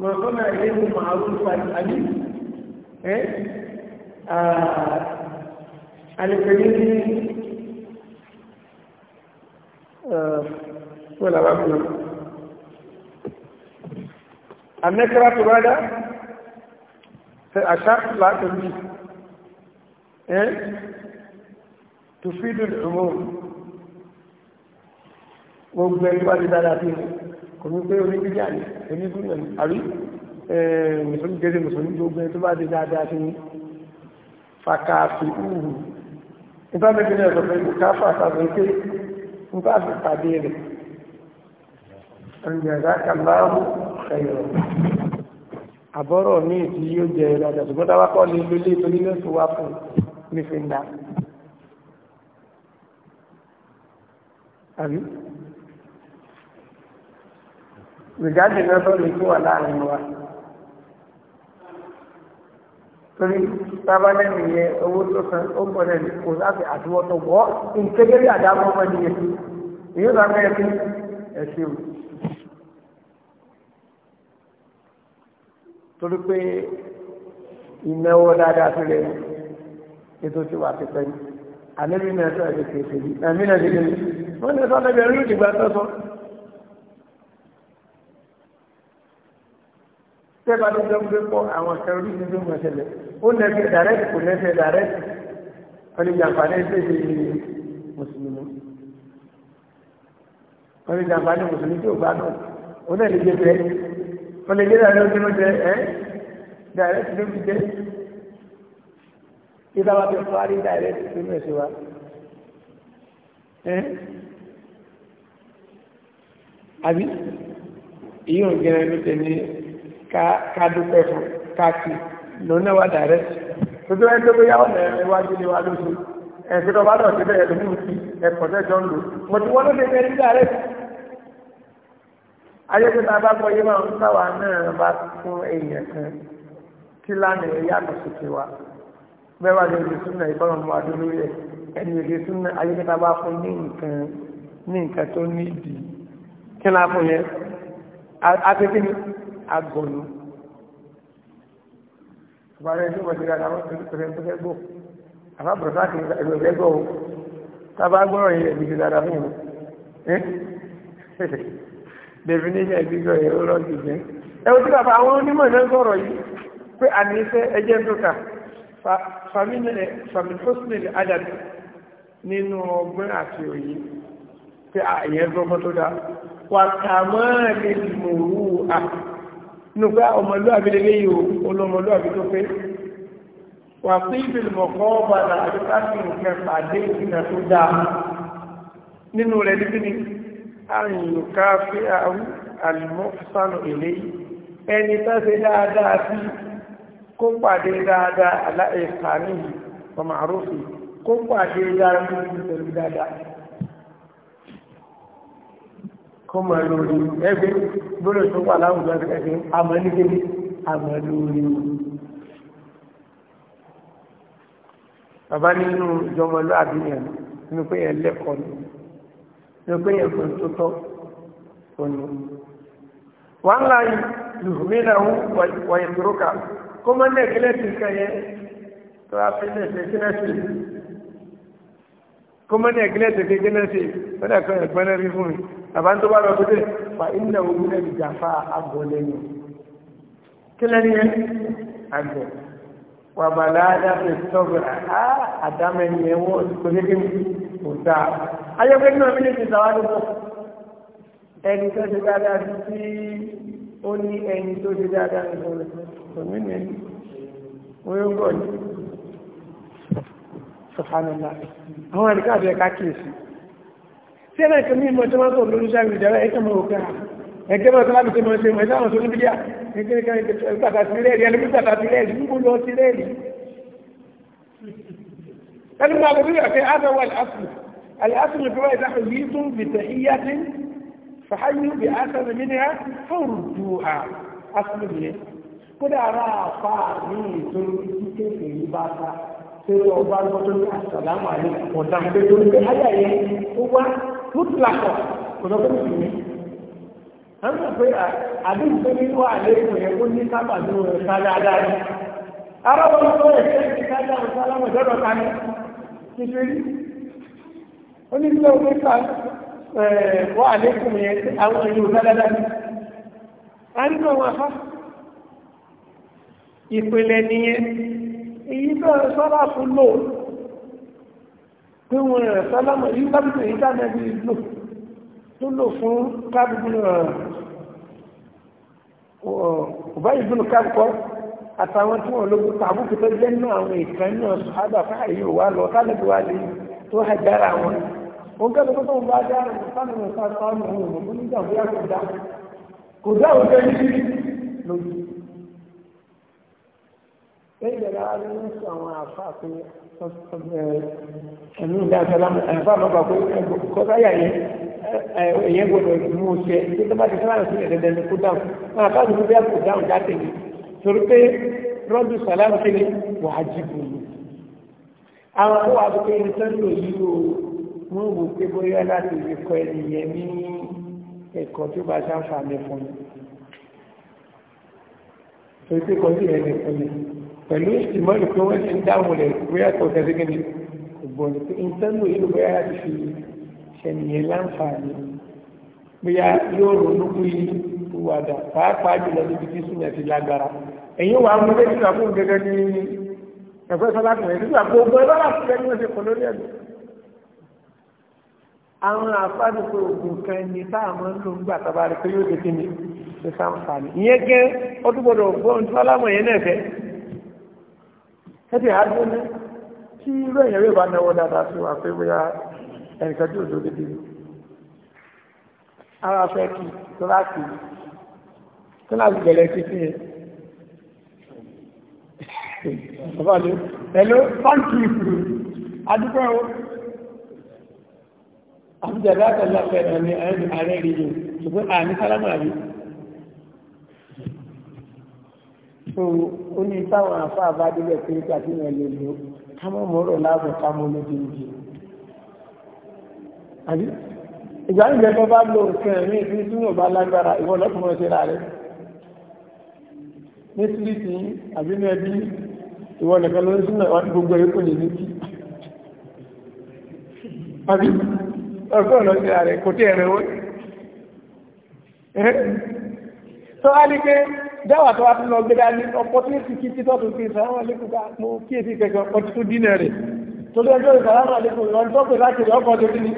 mọ̀kànlá ilé mú màálù fàìlì ẹ́ alẹ́pẹ̀lẹ́ ní wọ́n làbá fún un anẹ́kẹ́rà tó bá dá àṣà láti rí ẹ́ tó fídùn ìmọ̀ gbogbo ẹgbẹ́ wájú dáadáa fi kò ní pé orí bíjà ni onígbìmọ̀ àrí mùsùlùmí gẹ́gẹ́ mùsùlùmí gbogbo ẹni tó bá dé dáadáa sí fàkàfì ìhù nípa méjì náà lọ́pẹ́ ìkáfà sàbẹ̀ pé nípa àti pàdé rẹ̀ ọ̀rìnàdá kàláàmù ẹ̀yọ̀ àbọ̀rọ̀ ní ìdí yóò jẹ ìrajà ṣùgbọ́n tá bá kọ́ ní ilé tó nílé tó wá fún nífẹ̀ẹ́ ńlá ìjáde náà tó lè tó wà láàrin wa torí tábàlẹ́ nìyẹn owó tó san ó gbọ́dọ̀ ní kò láti àtiwọ́ tó wọ́ ìkékeré àdámọ́ wọn nìyẹn èyí ló fẹ́ kí ẹ̀sìn o. torí pé ìnáwó dáadáa tó lè ètò tí wà ti pẹ́ ní àlébí náà tó ẹ̀ lè kéèké yìí àmì náà lè kéèké wọ́n lè sọ ìdìgbà tó sọ. tẹ́bà ló jọ ń gbé pọ̀ àwọn kan orí ní gbogbo ẹ̀ṣẹ̀lẹ̀ ó lẹ́fẹ̀ dàrẹ́tì kò lẹ́fẹ̀ dàrẹ́tì wọ́n lè jàǹfààní ẹgbẹ́ ṣe mùsùlùmí wọ́n lè jàǹfààní mùsùlùmí tí ò bá náà ó náà lè jẹ bẹ́ẹ̀ wọ́n lè jẹ́ dàrẹ́tì ó dúró jẹ ẹ́ dàrẹ́tì ló fi jẹ́ kí táwa fi parí dàrẹ́tì tó mẹ́ sí wa àbí ìyóò ló tẹ̀ ká dúpẹ́ fún káàkiri lónà wà direct tuntun ẹni tó bó yá ọ̀nà ẹ̀wájú ni wà lóṣù ẹ̀sìn tó bá dọ̀ sí bẹ́ẹ̀ ló mú sí ẹ̀kọ́ tẹ́jọ́ ń lò mo ti wọ́n ló dé ẹni direct. ayélujára bá gbọ́ yé máa ń sáwà náà bá fún èèyàn kan kí lánàá ẹ̀yà kò sì ti wá bẹ́ẹ̀ wà lórí súnà ìbọ̀ràn mọ́ adúlú rẹ̀ ẹni òde súnà ayélujára bá fún ní nǹkan ní nǹkan tó ní ìdí kí lánàá fún yẹn àti kí ni agọ̀nù ìbára ẹni wọ̀n ti ra àwọn tẹ̀sẹ̀ gbò àbábọ̀ sáàkì ìlú ẹgbẹ́ gbò ó tábà gbọ́rọ̀ yẹn ẹ̀mí ti dára fún un definition ìgbìgbọ̀ yẹn ó lọ sí ìgbẹ́ ẹ wo tí bàbá àwọn onímọ̀ náà sọ̀rọ̀ yìí pé àmì iṣẹ́ ẹjẹ́ tó kà fàmílì adàbí nínú ọgbọ́n àti òye pé àyẹ̀gbọ́n tó dá wà kàmọ́ lè nínú pé ọmọlúwàbí lè léyìí o olómọlúwàbí tó pé wà sí ìbìlìmọ̀kọ́ ọba àti àdúgbàsí nǹkan pàdé ìgbìnà tó dáa nínú rẹ̀ níbi ni àyìnká fi àrú àlùmọ́fúsánù èlé ẹni tó ṣe dáadáa sí kó pàdé dáadáa aláìsàn ní ọmọ àròfin kó pàdé dáadáa pẹ̀lú dáadáa kó mọ̀ lórí ẹgbẹ́ gbọ́dọ̀ tó wà láwùjọ ẹgbẹ́ àmọ́ ní kéde àmọ́ lórí. bàbá nínú ìjọmọlúwàbí yẹn nínú pé yẹn lẹ́kọ̀ọ́ ni nínú pé yẹn gbọ́n tó tọ́ òní. wàá ńlá yùmínà ń wọ̀nyí tó kà kó mọ̀ ní ẹ̀kẹ́lẹ́ ti kàn tó a fi ní ẹ̀kẹ́lẹ́ ti kó mọ̀ ní ẹ̀kẹ́lẹ́ ti kékeré sí i ó dà a ẹ̀gbọ́n náà rí fún mi bàbá tó bá lọ sí dé fa ilẹ̀ ogun náà ìjàfà àgọ́ lẹ́yìn kí lẹ́ni yẹn àgọ́ wà bàlá adáfẹ́ sọ́gbà á àdámẹ́ni yẹn wọ́n kò ní kí kò dáa ayọ́pẹ́ náà mi lè ti sàwádìí pọ̀ ẹni tó ṣe dáadáa sí ó ní ẹni tó ṣe dáadáa nìkan rẹ̀ tòmí nìyẹn wọ́n yóò gbọ́ ní sọ̀hánà náà àwọn ẹ̀ríkà bẹ́ẹ̀ ká kíyèsí sílẹ̀ kan ní ìmọ̀ tí wọ́n tó lórí sáà ìjọba ẹ̀kẹ́ mọ̀ òkè à ẹ̀kẹ́ mọ̀ tọ́lá bìtẹ́ mọ̀ ṣe mọ̀ ẹ̀sáwọn tó níbi díà ẹ̀kẹ́ kan ìpàtà sí rẹ̀ rí ẹlẹ́mí pàtà sí rẹ̀ rí gbogbo lọ sí rẹ̀ rí. ẹni máa bẹ̀rẹ̀ rẹ̀ pé ádọ́ wà láàfù aláàfù ní kọ́wá ìdáhùn yìí tún bìtẹ̀ iyá tí fàáyù bá ta ṣé ọba ní àṣàlámù àlẹ́ ọ̀dà pé torí pé ó wá mútìlákọ̀ kò lọ fún ìsinmi a ń sọ pé àdéhùn tó ní wà lẹ́yìn rẹ̀ ó ní sábà ní òun ẹ̀ka dáadáa ni ara wọn tó ẹ̀ṣẹ́ ìṣẹ́ ìṣẹ́ ìṣẹ́ aláwọ̀ ìjọ́dọ̀ ta ni títí rí ó ní sílẹ̀ òun ká wà lẹ́kùn yẹn àwọn èèyàn òun dáadáa ni a ń sọ wọn afá ìpìlẹ̀ nìyẹn èyí tó sọ́ra fún lóòótọ́ pé wọn rẹ̀ sálámà yìí kábíkù èyí tánẹ́bí lò tó lò fún kábíkù ọ̀bá ìbínú kábíkọ́ àtàwọn tí wọ́n lógún tàbùkù tó jẹ́ nínú àwọn ìkan náà sábà fáàrí yóò wá lọ tálẹ́bí wá lè tó hàjára wọn ó gẹ́gẹ́ tó tó ń bá dára sánà sáà sáà nù ọ̀hún nígbà bóyá ẹ̀mí ìdá sálámù ẹ̀fà mọ́gbà pé kọ́sáyà yẹn èyàn gbọdọ̀ mú un ṣe tó tó bá ti sálámù sílẹ̀ dẹ̀dẹ̀ ní kó dáhùn máa bá ti bí kó dáhùn já tèmi torí pé rọ́dù sálámù kí ni wàá jìbù ni. àwọn tó wàá pé ní sọ́ńdọ̀ yìí o wọ́n wò pé bóyá láti lè kọ ẹnìyẹn ní ẹ̀kọ́ tó bá ṣàǹfààní fún torí pé kọjú yẹn ní fún mi pẹ̀lú ìmọ̀lù pé wọ́n ti ń dáhùn rẹ̀ bóyá kò tẹ̀sí gẹ́gẹ́ ògbọ̀n ní pé ìtẹ́lù ìlú bóyá láti fi ṣẹ̀nìyàn láǹfààní bóyá yóò ronú pé ìwàdà pàápàá jùlọ níbi tí súnmọ̀ ti lágbára ẹ̀yìn wà mú lé nígbà fún gẹ́gẹ́ ní ẹ̀fẹ́ sọlákùnrin nígbà gbogbo ẹ̀rọ láti fẹ́ ní oṣù kan lórí ẹ̀dùn àwọn àfáàdì pé ni ṣe sáǹfààní ìyẹn gẹ́ ọdún gbọdọ̀ wọ́n lámọ̀ yẹn náà fẹ́ ẹ̀dẹ̀ àádé ní tí irú èèyàn rẹ̀ bá náwó dáadáa sí wa pé bóyá ẹnìkan tí ò lóde dé ní ara fẹ́ kí tó láti bẹ̀rẹ̀ sí sí ẹ̀ pẹ̀lú fáńkì ìfúru adúgbò àbújá dáadáa lọ́pẹ̀ẹ́ ní ààrẹ rí yìí ṣùgbọ́n àní sálámà so ó ní táwọn àfáà bá délẹ̀ pé kí àti ìrìn lè lò ká mọ̀ mọ́rọ̀ láàbọ̀ ká mọ́ lóde ìdí àbí ìgbà ìgbẹ́ tó bá lo nǹkan ẹ̀mí ìdí tí yóò bá lágbára ìwọ lọ́kùnrin ṣe rà rẹ̀ ní sílítì àbí ní ẹbí ìwọ nìkan ló ń súnmọ̀ wọn gbogbo ẹ̀kọ́ lè tó á ní pé dáwà tó wá tún lọ gbé dání opportunity kí títọ́ tó fi sàrámà lẹ́kùn ká mo kí èsì kẹ̀kẹ́ ọtí tó dínà rẹ̀ tó lọ jọ ìsàrámà lẹ́kùn ìwọ̀n tó pè láti rẹ̀ ọkọ̀ tó kí ni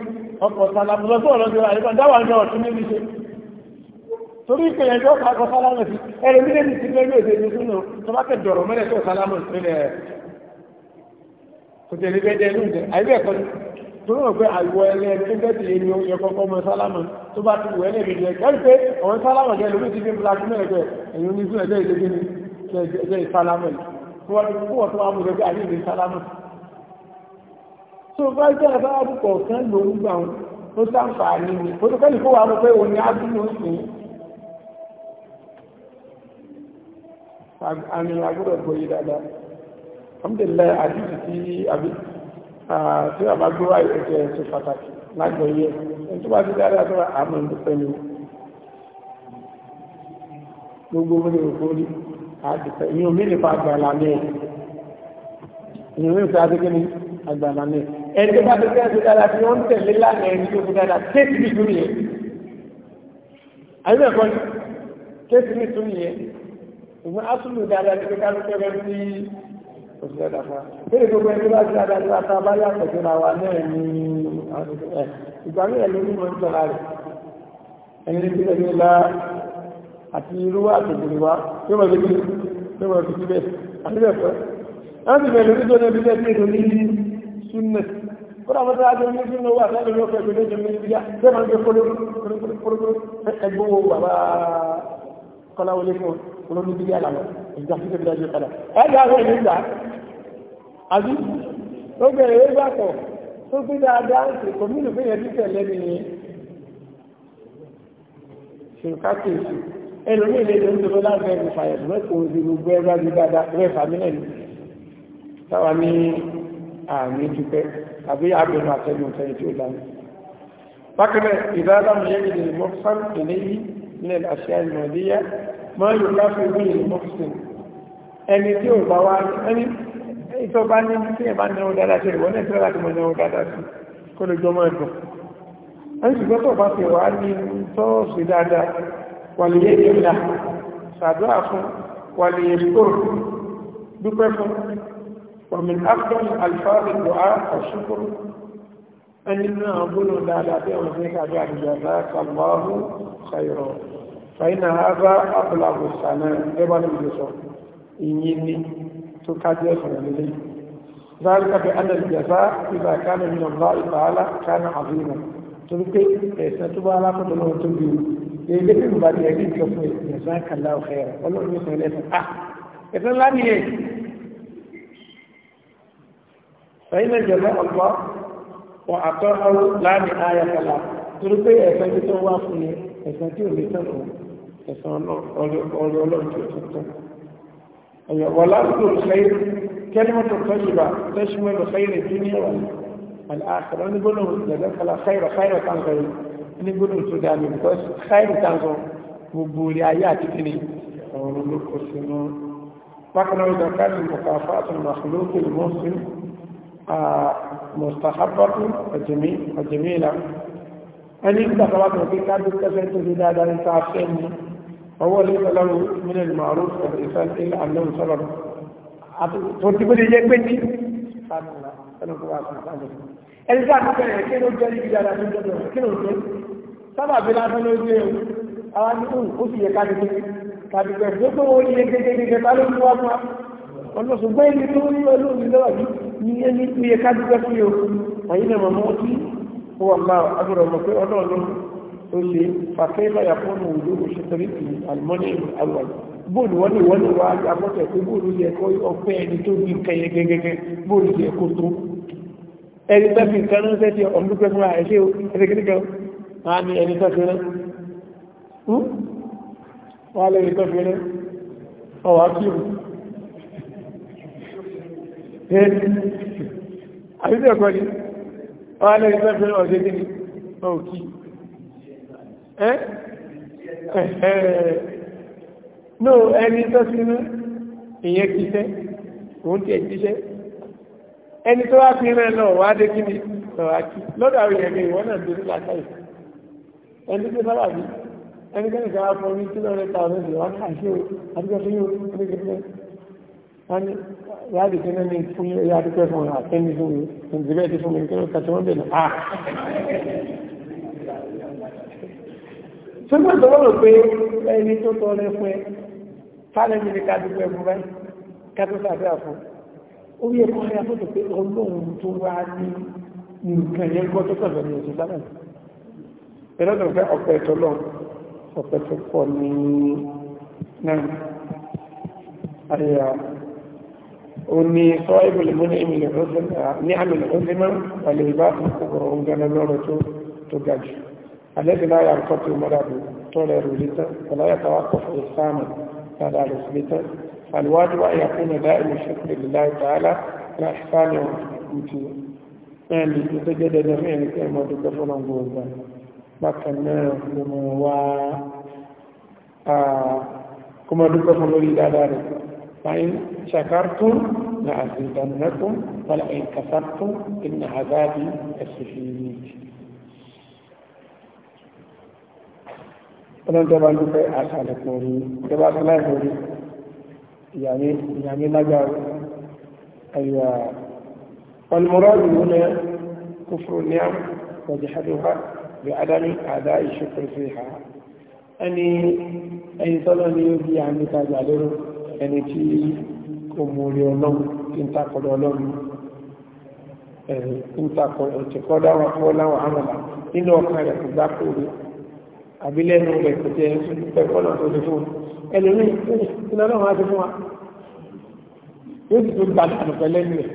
ọkọ̀ sàlàmùlọ́sọ̀ ọ̀rọ̀ torí ìpìlẹ̀ ẹjọ́ kàkọ́ sálámù sí ẹ̀rẹ̀ mílẹ̀ ní ti gbẹ́gbẹ́ èdè ní tó bá ti wẹ̀ lẹ́bi jẹ kẹ́rì pé ọ̀rẹ́ sálámà jẹ lórí ti fi ń blaki náà ẹgbẹ́ ẹ̀yìn oníṣú ẹgbẹ́ ìdíje ni ẹgbẹ́ ìsálámà yìí tó wọ́n ti kó wọ́n tó wá mú ẹgbẹ́ àyè ìdí sálámà. tó bá jẹ́ ẹ̀fẹ́ àbúkọ̀ kan ló ń gbà wọn ó sàǹfààní ni ó tó kẹ́lì kó wà lọ pé òun ni ábúlò ń sìn àmì àgbọ̀dọ̀ gbọ́ yìí dáadáa alhamdulilayi àdìsí tí àbí tí àbá gbọ́ àyè ẹ̀jẹ̀ ṣe pàtàkì lágbọ̀ọ́yẹ ẹni tó bá ti dáadáa tó rà àmọ́ ní pẹ̀lú gbogbo orí òkúrí àdìpẹ́ ìyún mi nípa àgbàlá mẹ́ẹ̀ ìyún mi nípa àdìpẹ́ ní àgbàlá mẹ́ẹ̀ ẹni tó bá ti dáadáa tó dáadáa tí wọ́n ń tẹ̀lé lánàá ẹni tó fi dáadáa kéèkì bí tún yẹn àyẹ̀wò ẹ̀kọ́ kéèkì bí tún yẹn ìgbọ́n asúlù dáadáa ti òṣìṣẹ́ dàfà kéèkì gbogbo ẹni tó bá ti dáadáa tó dáadáa bá yàtọ̀ ìgbà mí ẹ̀lú ní mọ̀ ń tọ́ra rẹ̀ ẹni tí ẹni la àti irú àtòkòrò wa tí ó mọ̀ sí kíni tí ó mọ̀ sí kíbẹ̀ àti bẹ́ẹ̀ fẹ́ wọ́n ti bẹ̀rẹ̀ lójú ọ̀nà ìbílẹ̀ tí èdè ní súnmẹ̀ kódà mọ́tò ajé ní sínú owó àtàlẹ́ ní ọ̀fẹ́ ìgbẹ́jọ ní ìbílẹ̀ tẹ́ máa ń gbé kólókólókólókóló ẹgbẹ́ owó bàbá kọ́láwọlé fún olómi ìbílẹ̀ àlàmọ́ ìjà sí ìbílẹ̀ àjọ padà ẹgbẹ́ àwọn ìlú ìgbà àbí ó bẹ̀rẹ̀ ẹgbẹ́ àpọ̀ tó gbé dáadáa ń pè kò mílò fẹ́yẹ̀ bí tẹ̀lé mi yẹn ṣèǹkà kéèsì ẹlòmíì lè lè ń tó lábẹ́ ẹ̀rù fàyẹ̀ mẹ́kọ̀ọ́ ti gbogbo ẹgbẹ́ bí dáadáa rẹ̀ fàmílẹ̀ ni táwa ní àmì dúpẹ́ àbí àbẹ̀rù àtẹnu tẹ̀yẹ tí ó dání. bákẹ́lẹ̀ ìdáadáa mi yẹ́ mi lè mọ́ sán eléyìí nílẹ̀ àṣẹ ìmọ̀lẹ́yà máa yóò káfíńgì lè mọ́ sìn ẹni tí ò bá wá ẹni ìtọ́ bá ní bí ẹ̀ bá ń náwó dáadáa sí ìwọ́n náà láti mọ̀ náwó dáadáa sí kó lè jọ máa dùn wọ́n sì gbọ́tọ̀ bá fi wà ní tọ́ọ̀sì dáadáa wà lè yẹ́ ìlà sàdúrà fún wà lè yẹ sóòrò أفضل ألفاظ الدعاء الشكر أننا أقول لا لا بأمرك أجعل جزاك الله هذا أبلغ السلام قبل الجسر إني tó kájú ẹ̀sùn rẹ̀ lélẹ́yìn ذلك بأن الجزاء إذا كان من الله تعالى كان عظيما تلقي ستبع على قدر وتبيو يجب بعد يجب كفوي جزاك الله خيرا والله يسمى ليس أه إذا لا نيجي فإن جزاء الله وعطاءه لا نهاية له تلقي أسنتي توافني أسنتي وليسنه أسنتي وليسنه أسنتي وليسنه ولفظ الخير كلمة طيبة تشمل خير الدنيا والآخرة نقول لدخل خير خير تنظر نقول سوداني بس خير تنظر وبولي آيات كني ونقول السنون لكن إذا كان المكافأة المخلوق المحسن مستحبة وجميلة أن يبدأ خلاص وفي كان بالكسر تزيد هذا التعفين ọwọ́ ní ọlọ́run mílẹ̀ ìmọ̀ọ́rọ́ sọ̀rọ̀ ìfẹ́ ilẹ̀ àlọ́run sọ̀rọ̀ tó ti bóde yẹ pé ní ẹni tí a ti bẹ̀rẹ̀ kí ló jẹ́ ibi dára tó jẹ́ kí ló jẹ́ sábà bí lásán ló jẹ́ o ara ní òun ó sì yẹ ká dìde ká dìde gbogbo wọn ní yẹ gẹ́gẹ́ ta ló ń wá fún wa ọlọ́sùn gbé ní tó ní olóògùn lọ́wọ́ yìí ní ẹni yẹ ká dìde fún yòókù àyínlẹ̀ mọ̀mọ́ tí wọ́n máa agbọ̀dọ̀ mọ̀ pé ọlọ́run tó ṣe fàkẹ́fà yàfọ́nù òdòdó ṣẹtẹrìtì àlùmọ́nì àwọn bóòlù wọ́n ní wọ́n ní wá agbọ́tẹ̀ pé bóòlù yẹ kó ọpẹ́ ẹni tó bí kẹyẹ gẹ́gẹ́gẹ́ bóòlù yẹ kó tó ẹni tó fi nǹkan ránṣẹ́ sí ọ̀dúnpẹ́ fúnra ẹ̀ ṣe ẹ̀ṣẹ̀kẹ́kẹ́ máa ní ẹni tó fi rán no ẹni tó sínú ìyẹn kìíṣẹ́ òun tiẹ̀ kìíṣẹ́ ẹni tó wá fi rẹ̀ náà wá dé kí ni lọ́wọ́ kí lọ́dọ̀ àwọn ìyẹn ìwọ náà dé nípa káyì ẹni tó sábà bí ẹni tó nìkan afọ ní tí lọ́rẹ́ ta ọ̀rẹ́ ìwà káṣí o àdúgbò fún yóò ní kékeré wọn ni láti kí ní fún yóò yá àdúgbò fún àtẹ́ni fún mi ìdíbẹ̀ ti fún mi kí ló kàtí wọ́n bẹ̀ náà ah! ṣùgbọ́n ìtọ́wọ́ rò pé ẹni tó tọ́ rẹ fún ẹ fálẹ́ mi ní ká dúpọ̀ ẹ̀bùn báyìí ká tó sàbẹ́ àfún ó yẹ kọ́ ẹ afọ́tò pé ọlọ́run tó wá ní nǹkan yẹn gbọ́ tó sọ̀rọ̀ ní oṣù sábà ẹ̀rọ tó fẹ́ ọ̀pẹ tó lọ ọ̀pẹ tó pọ̀ ní náà àyà ó ní sọ ìbìlẹ̀ mú ní ìmìlẹ̀ ọ̀sẹ̀ ní àmì ọ̀sẹ̀ mọ́ pẹ̀lú ìbá tó kọ̀ọ̀rọ̀ ń gan lọ́rọ̀ tó ga jù الذي لا ينقطع مرض طول رجلته ولا يتوقف إسلامه على رجلته فالواجب أن يكون دائم الشكر لله تعالى على إحسانه وحكمته يعني يتجد جميع كلمة تكفر عن bákanáà ló mọ̀ wá kó mọ̀ dúkọ́ fún lórí dáadáa rẹ̀ fa'in ṣakartun na àzìdánilẹ́kùn wọ́n àìkàsàtún ọlọ́jọba ń dúpẹ́ àṣàlẹ̀kùn orí ìjọba tó láì lórí ìyàmí lágbàá ayúwà والمراد هنا كفر النعم وجحدها بعدم أداء الشكر فيها أني أي ظلني في عمي تاجالر أني تي كمولي ولم تنتقل ولم تنتقل اعتقادا وقولا وعملا إنه كان يتذكر àbí lẹ́nu rẹ̀ kò jẹ́ pẹ̀kọ́lọ̀ tó ti fún ẹlòmí iná náà wá ti fún wa yóò sì tún gbàdá àlùfẹ́ lẹ́nu rẹ̀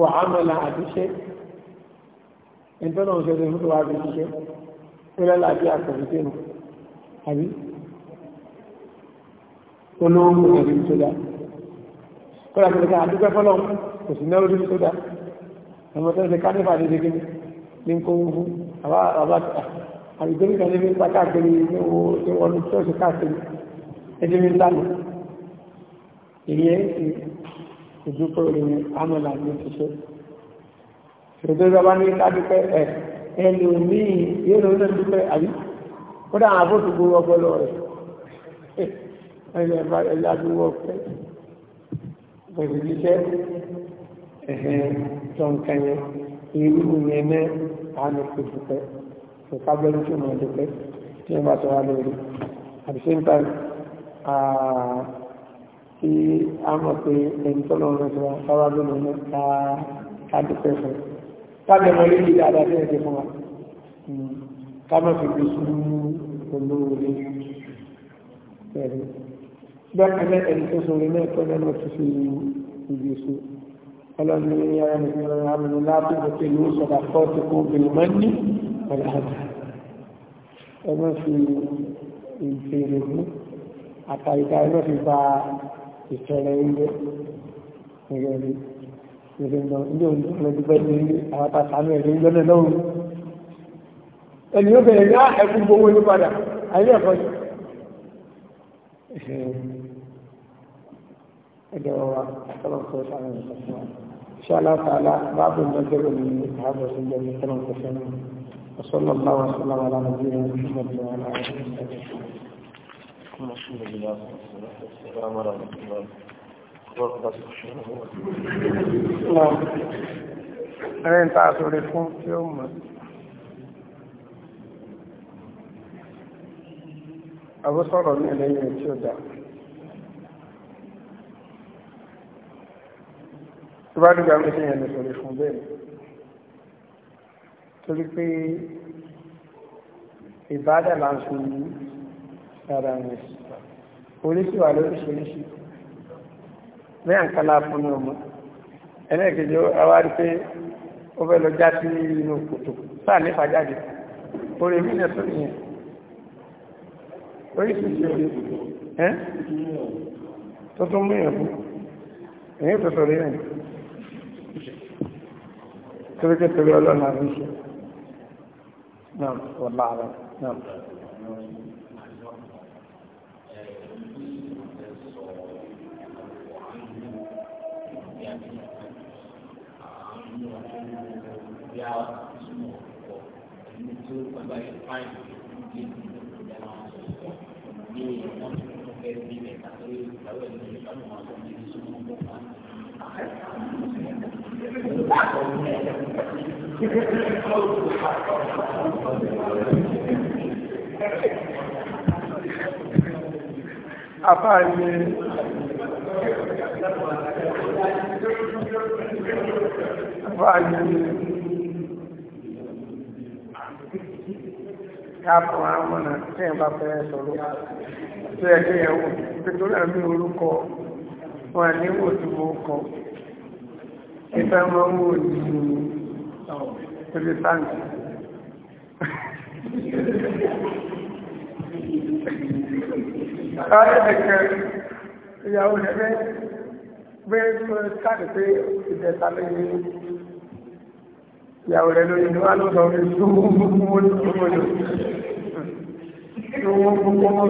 wà á mọ̀lá àdúṣe ìtọ́nà òṣèlú fún wa fi ṣiṣẹ́ ó lẹ́la bí àkọ̀wé nù àbí olóhùn ẹ̀rí tó dá kọ́lá kìlọ̀ ká àdúgbẹ́ fọ́lọ́ kò sí náà lórí tó dá ọmọ tó ń ṣe kánífà ní ṣe kí ní kó wú fún àbá àbá àgbègbè kan níbi pátá gbèrè ní owó tí wọ́n ní ṣọ́ọ̀ṣì káàkiri ẹdínwó lánà ìyẹn ti ìdúpọ̀ ìrìn amọ̀là ní ṣiṣẹ́ ṣòdọ́dọ́ bá ní ládùúpẹ́ ẹ̀ ẹlòmíì yóò lọ lọ́dún pẹ́ àbí ó dà àwọn abóòtú gbowó ọpọlọ rẹ̀ ẹ̀yẹ bá ẹ̀yà gbowó ọpẹ́ pẹ̀lú ṣiṣẹ́ ní kò dùpẹ́ kò kágbẹ́rú tí mo dùn pé tí wọ́n bá sọ wá lórí at the same time tí a mọ̀ pé ẹni tó lọ́wọ́ rẹ̀ sọ́wọ́ sáwá lónìí ní káàdùpẹ́ fún káàdùpẹ́ mọ́ lórí dáadáa tí ẹ̀jẹ̀ fún wa ká mọ̀ fi fi sí olówó lé ẹ̀rí bẹ́ẹ̀ náà ẹni láti bọ̀ pé ló kó bẹ̀rẹ̀ mọ́ ní àpàlàdà ẹ má fi ìbéèrè mú àtàyíká ẹ má fi ba ìtọrẹ ilé ẹgbẹ́ rí ìrìn lọ ilé òun lọ dúpẹ́ ní àwọn tàṣánú ẹ̀rẹ́ ìjọ náà lọ́wọ́ ẹni yóò bẹ̀rẹ̀ yá ẹkún gbowó ní padà ayé ẹ̀kọ́ ẹ̀dọ̀ wa kọ́lọ̀ kọ́ sáré ìṣàlá tààlà báàbù mẹ́jọ́ òní àbọ̀sùn jẹ́ mẹ́tẹ́lọ̀ kọ́sẹ́ náà وصلى الله وسلم على نبينا محمد وعلى اله وصحبه Ẹni ń tàà sórí fún tí ó mọ̀. Àbú sọ̀rọ̀ ní ẹlẹ́yìn tí ó dá. Tí bá torí pé ìbádà là ń fi ara rẹ̀ oríṣìí wà lóríṣiríṣi ní àǹkálá fún ọmọ ẹlẹ́ẹ̀kejì awárí pé ó fẹ́ lọ já sí inú kòtò sáà nípa jáde orí mi náà tó yẹn oríṣiríṣi orí ẹ́ tó tún mú ìyànjú èyí tó tọ̀rọ̀ yẹn torí pé torí نعم والله أعلم نعم Thank you. àfáàyè àfáàyè káàkùn àmọ́nà tí ẹ̀ bá fẹ́ sọ̀rọ̀ tí ẹ̀ kéyàn wò nítorí àmì orúkọ wọn ní wò tí mo kọ ìfẹ́ mọ́ wò ní pẹ̀lẹ́tàǹtì Thank you ayẹ́dẹ̀kẹ́ ìyàwó rẹ̀ gbé káàdì pé ìdẹ̀ta lẹ́yìn ìyàwó rẹ̀ lórí ni wá ló sọ fún ìṣòwòmọ́lò ìṣòwòmọ́lò ẹ́ ìṣòwòmọ́lò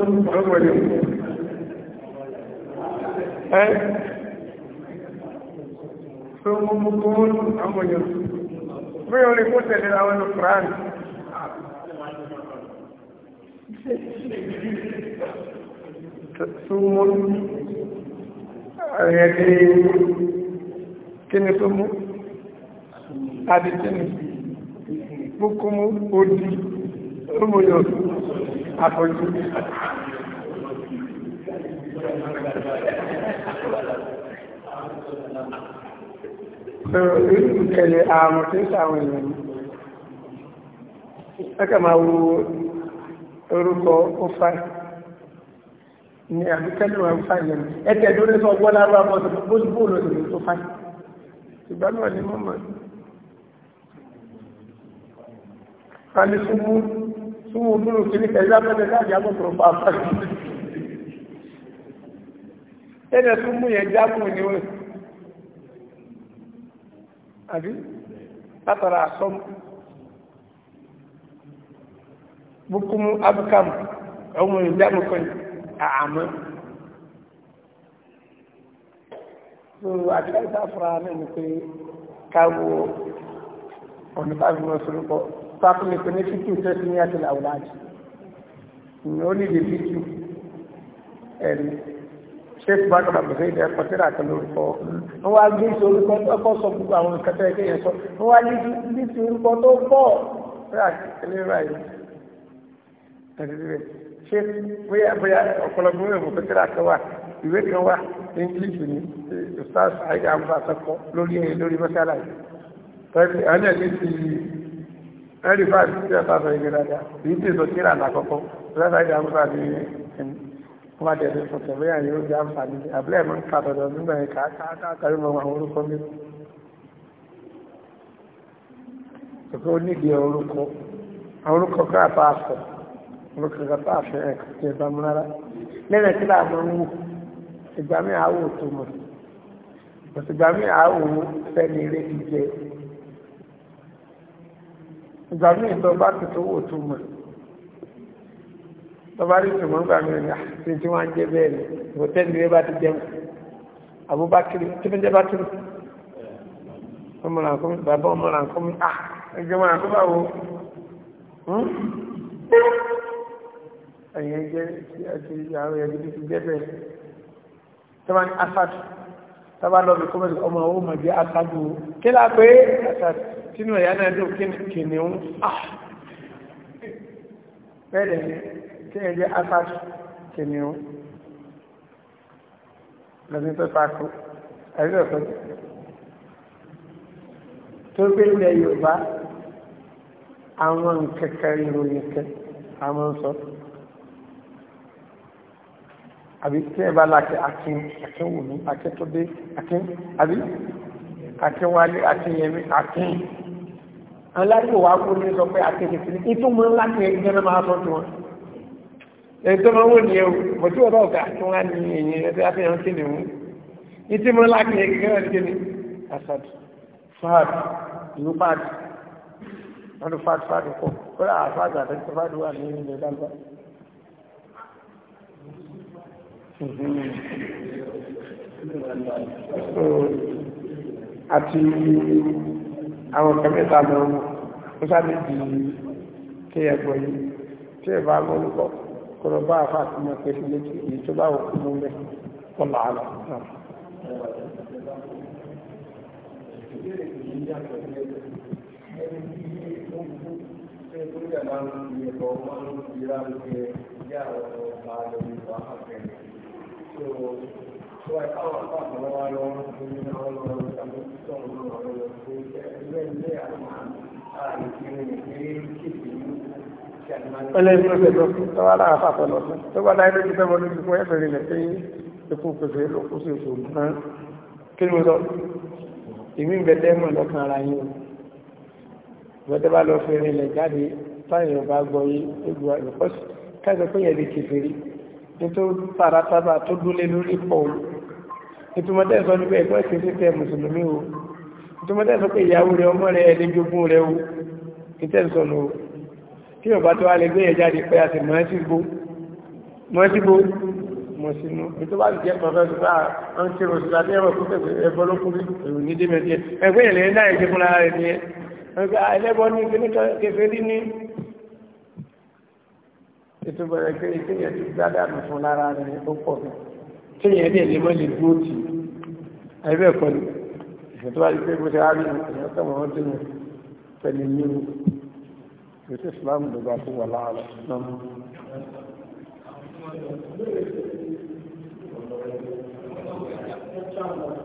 àwọn èèyàn bí orí kó tẹ̀lé àwọn ọ̀nà súnmọ́ ẹ̀rẹ́ kíni tó mú adìkíni púpúmú odi ọmọdé àfọ́jú Ìrùkẹ̀lẹ̀ ààrùn tí ń sàwọn èèyàn ní. Ẹkà máa wo orúkọ ó fáì a ní àbíkẹ́lù ẹ̀ fà yẹn ẹ̀kẹ́ lórí sọ gbọ́ lárúbá bọ́ sí bójú bóòlù òṣèlú tó fà ìgbà náà ni mọ́mọ́ fani súnmú súnmú búrú kí ní kẹjá bẹ́ẹ̀ láti àbọ̀tọ̀ fà fà ẹ̀dẹ̀ súnmú yẹn jákùn ni wọ́n àbí látara àsọ́m bukumu abukamu ọmọ ìjánu kan yìí àmọ́ so àtìlẹ́ ìsáfúra náà ni pé káwo ọ̀nà tábí wọn sorúkọ pápá ní pé ní fíkì tẹ́sí ní àti làwùláàjì ni ó nílé fíkì ẹ̀rí ṣéèkì bá kọ́nà bùsẹ̀ ìdẹ́ ẹ̀kọ́ tí ra kẹlẹ́ orúkọ wọn wá gbé sí orúkọ tó kọ́ sọ gbogbo àwọn nǹkan tẹ́ ẹ̀kẹ́ yẹn sọ wọn wá ní sí orúkọ tó pọ̀ rà kẹlẹ́ rà yìí ẹ̀rí rẹ̀ ṣé bóyá bóyá ọ̀pọ̀lọpọ̀ ìwé ìwé pẹ̀tẹ́rà kan ìwé kan wà english ni ustaz aida ń bá sọ́kọ́ lórí ẹ̀yẹ lórí mọ́sálà yìí tọ́jú àwọn ẹ̀yẹ ti ẹ̀rí bá ti ṣe ọ̀tá sọ ìgbé dáadáa èyí tí èso kíra là kọ́kọ́ ustaz aida ń bá ní wọ́n bá dẹ̀ fún tẹ̀ bóyá yóò jẹ́ àǹfààní àbúlẹ̀ mọ́ ń ka tọ̀dọ̀ nígbà yẹn ká mọ́ àwọn orúkọ olùkọ́kọ́ tó àfihàn kìí bá mú rárá lẹ́nà kí láà máa ń wò ìgbà mí àwò tó mọ̀ bọ̀sì ìgbà mí àwò fẹ́ni eré jíjẹ ìgbà mí ìtọ́ bá ti tó wò tó mọ̀ tọ́ba rí tòmọ́ ìgbà mí rẹ̀ àti ah, tí wọ́n á jẹ́ bẹ́ẹ̀ ni ìwòtẹ́ni eré bá ti jẹun Abubakar tí wọ́n jẹ́ bá tó ọmọràn bàbá ọmọràn kọ́mí ah ẹgbẹ́ ọmọràn kọ́mí báwo. Hmm? ẹ̀yẹn jẹ́ àti àwọn ẹ̀yẹn gidi ti jẹ́ bẹ́ẹ̀ tọ́ba ní asad tọ́ba lọ́bi kọ́mẹ́sì ọmọ owó mọ̀ jẹ́ asadu kí la pé asad sínú ẹ̀yà náà dùn kìnìún ah bẹ́ẹ̀ ni kí ẹ jẹ́ asad kìnìún lọ́bi tó takò ẹ̀rí ọ̀sán tó gbé ilẹ̀ yorùbá àwọn kẹkẹrẹ ìròyìn kẹ àwọn sọ àbí tí ẹ bá lákẹ́ akin akínwùmí akíntúndé akin àbí akínwálé akínyẹmí akin aláìkò wá kú ní sọ pé akékèké ní ìtumọ̀ ńlá ní ẹgbẹ́ náà máa sọ tí wọn ètò máa wò ní ewu bọ̀tí ọ̀dọ́ ọ̀gá tí wọ́n á ní èyí ẹgbẹ́ afẹ́yàn kí ni wọ́n ìtumọ̀ ńlá ní ẹgbẹ́ náà kí ni asad fad ìlú fad wọn ló fad fad kọ kó lè àfáàgbà àtẹ̀síwájú wà ní ilẹ̀ Mm-hmm. àti àwọn nǹkan mẹ́ta lọ ó sáré di kí ẹgbọ́ yìí tí ẹ bá mọ́ lúkọ́ kọ̀rọ̀ bá àfà àti mọ́ pé sílé tí èyí tó bá òkú mú mẹ́ ọ̀là àlọ́ Ẹlẹ́yìn ló ṣe lọ sí tọ́wọ́ lára fàfẹ́ lọ sí. Tó bá dáyé lójú fẹ́mọ́ lójú fún ẹ̀fẹ́ rí rẹ̀ pé ikú pèsè ló kó sí èso gan. Kí ni mo sọ? Ìmí ń bẹ̀tẹ́ mọ̀ lọ́kàn ara yín o. Ìbẹ̀tẹ́ bá lọ nítorí tààràtàbà tó dúlé lórí pọ̀ ìtumọ̀tẹ́ sọ ní pé ẹ̀kọ́ ìsìn sí tẹ mùsùlùmí o ìtumọ̀tẹ́ sọ pé ìyàwó rẹ ọmọ rẹ ẹni jogún rẹ o ìtẹ́ sọ lọ kí ọba tó wá lè gbé ẹja di pé a sì mọ́ síbo mọ́ síbo mọ́ sínú ìtọ́ bá ti jẹ́ pọ̀fẹ́ sọ́dá ah, ń kí oṣù láti ẹ̀rọ kó ẹ̀fọ́ ló kú ní dèmẹ̀tì ètò bẹ̀rẹ̀ pé ìkéyẹ̀ ti gbádànù fún lára rẹ̀ ó pọ̀ kéyẹ̀ dẹ̀ lè mọ́ lè dúró tì ẹgbẹ́ ẹ̀kọ́ ni ìṣètò wáyé pé bó ṣe á rí ìṣẹ́ tọ̀wọ́ wọn dínú Thank you.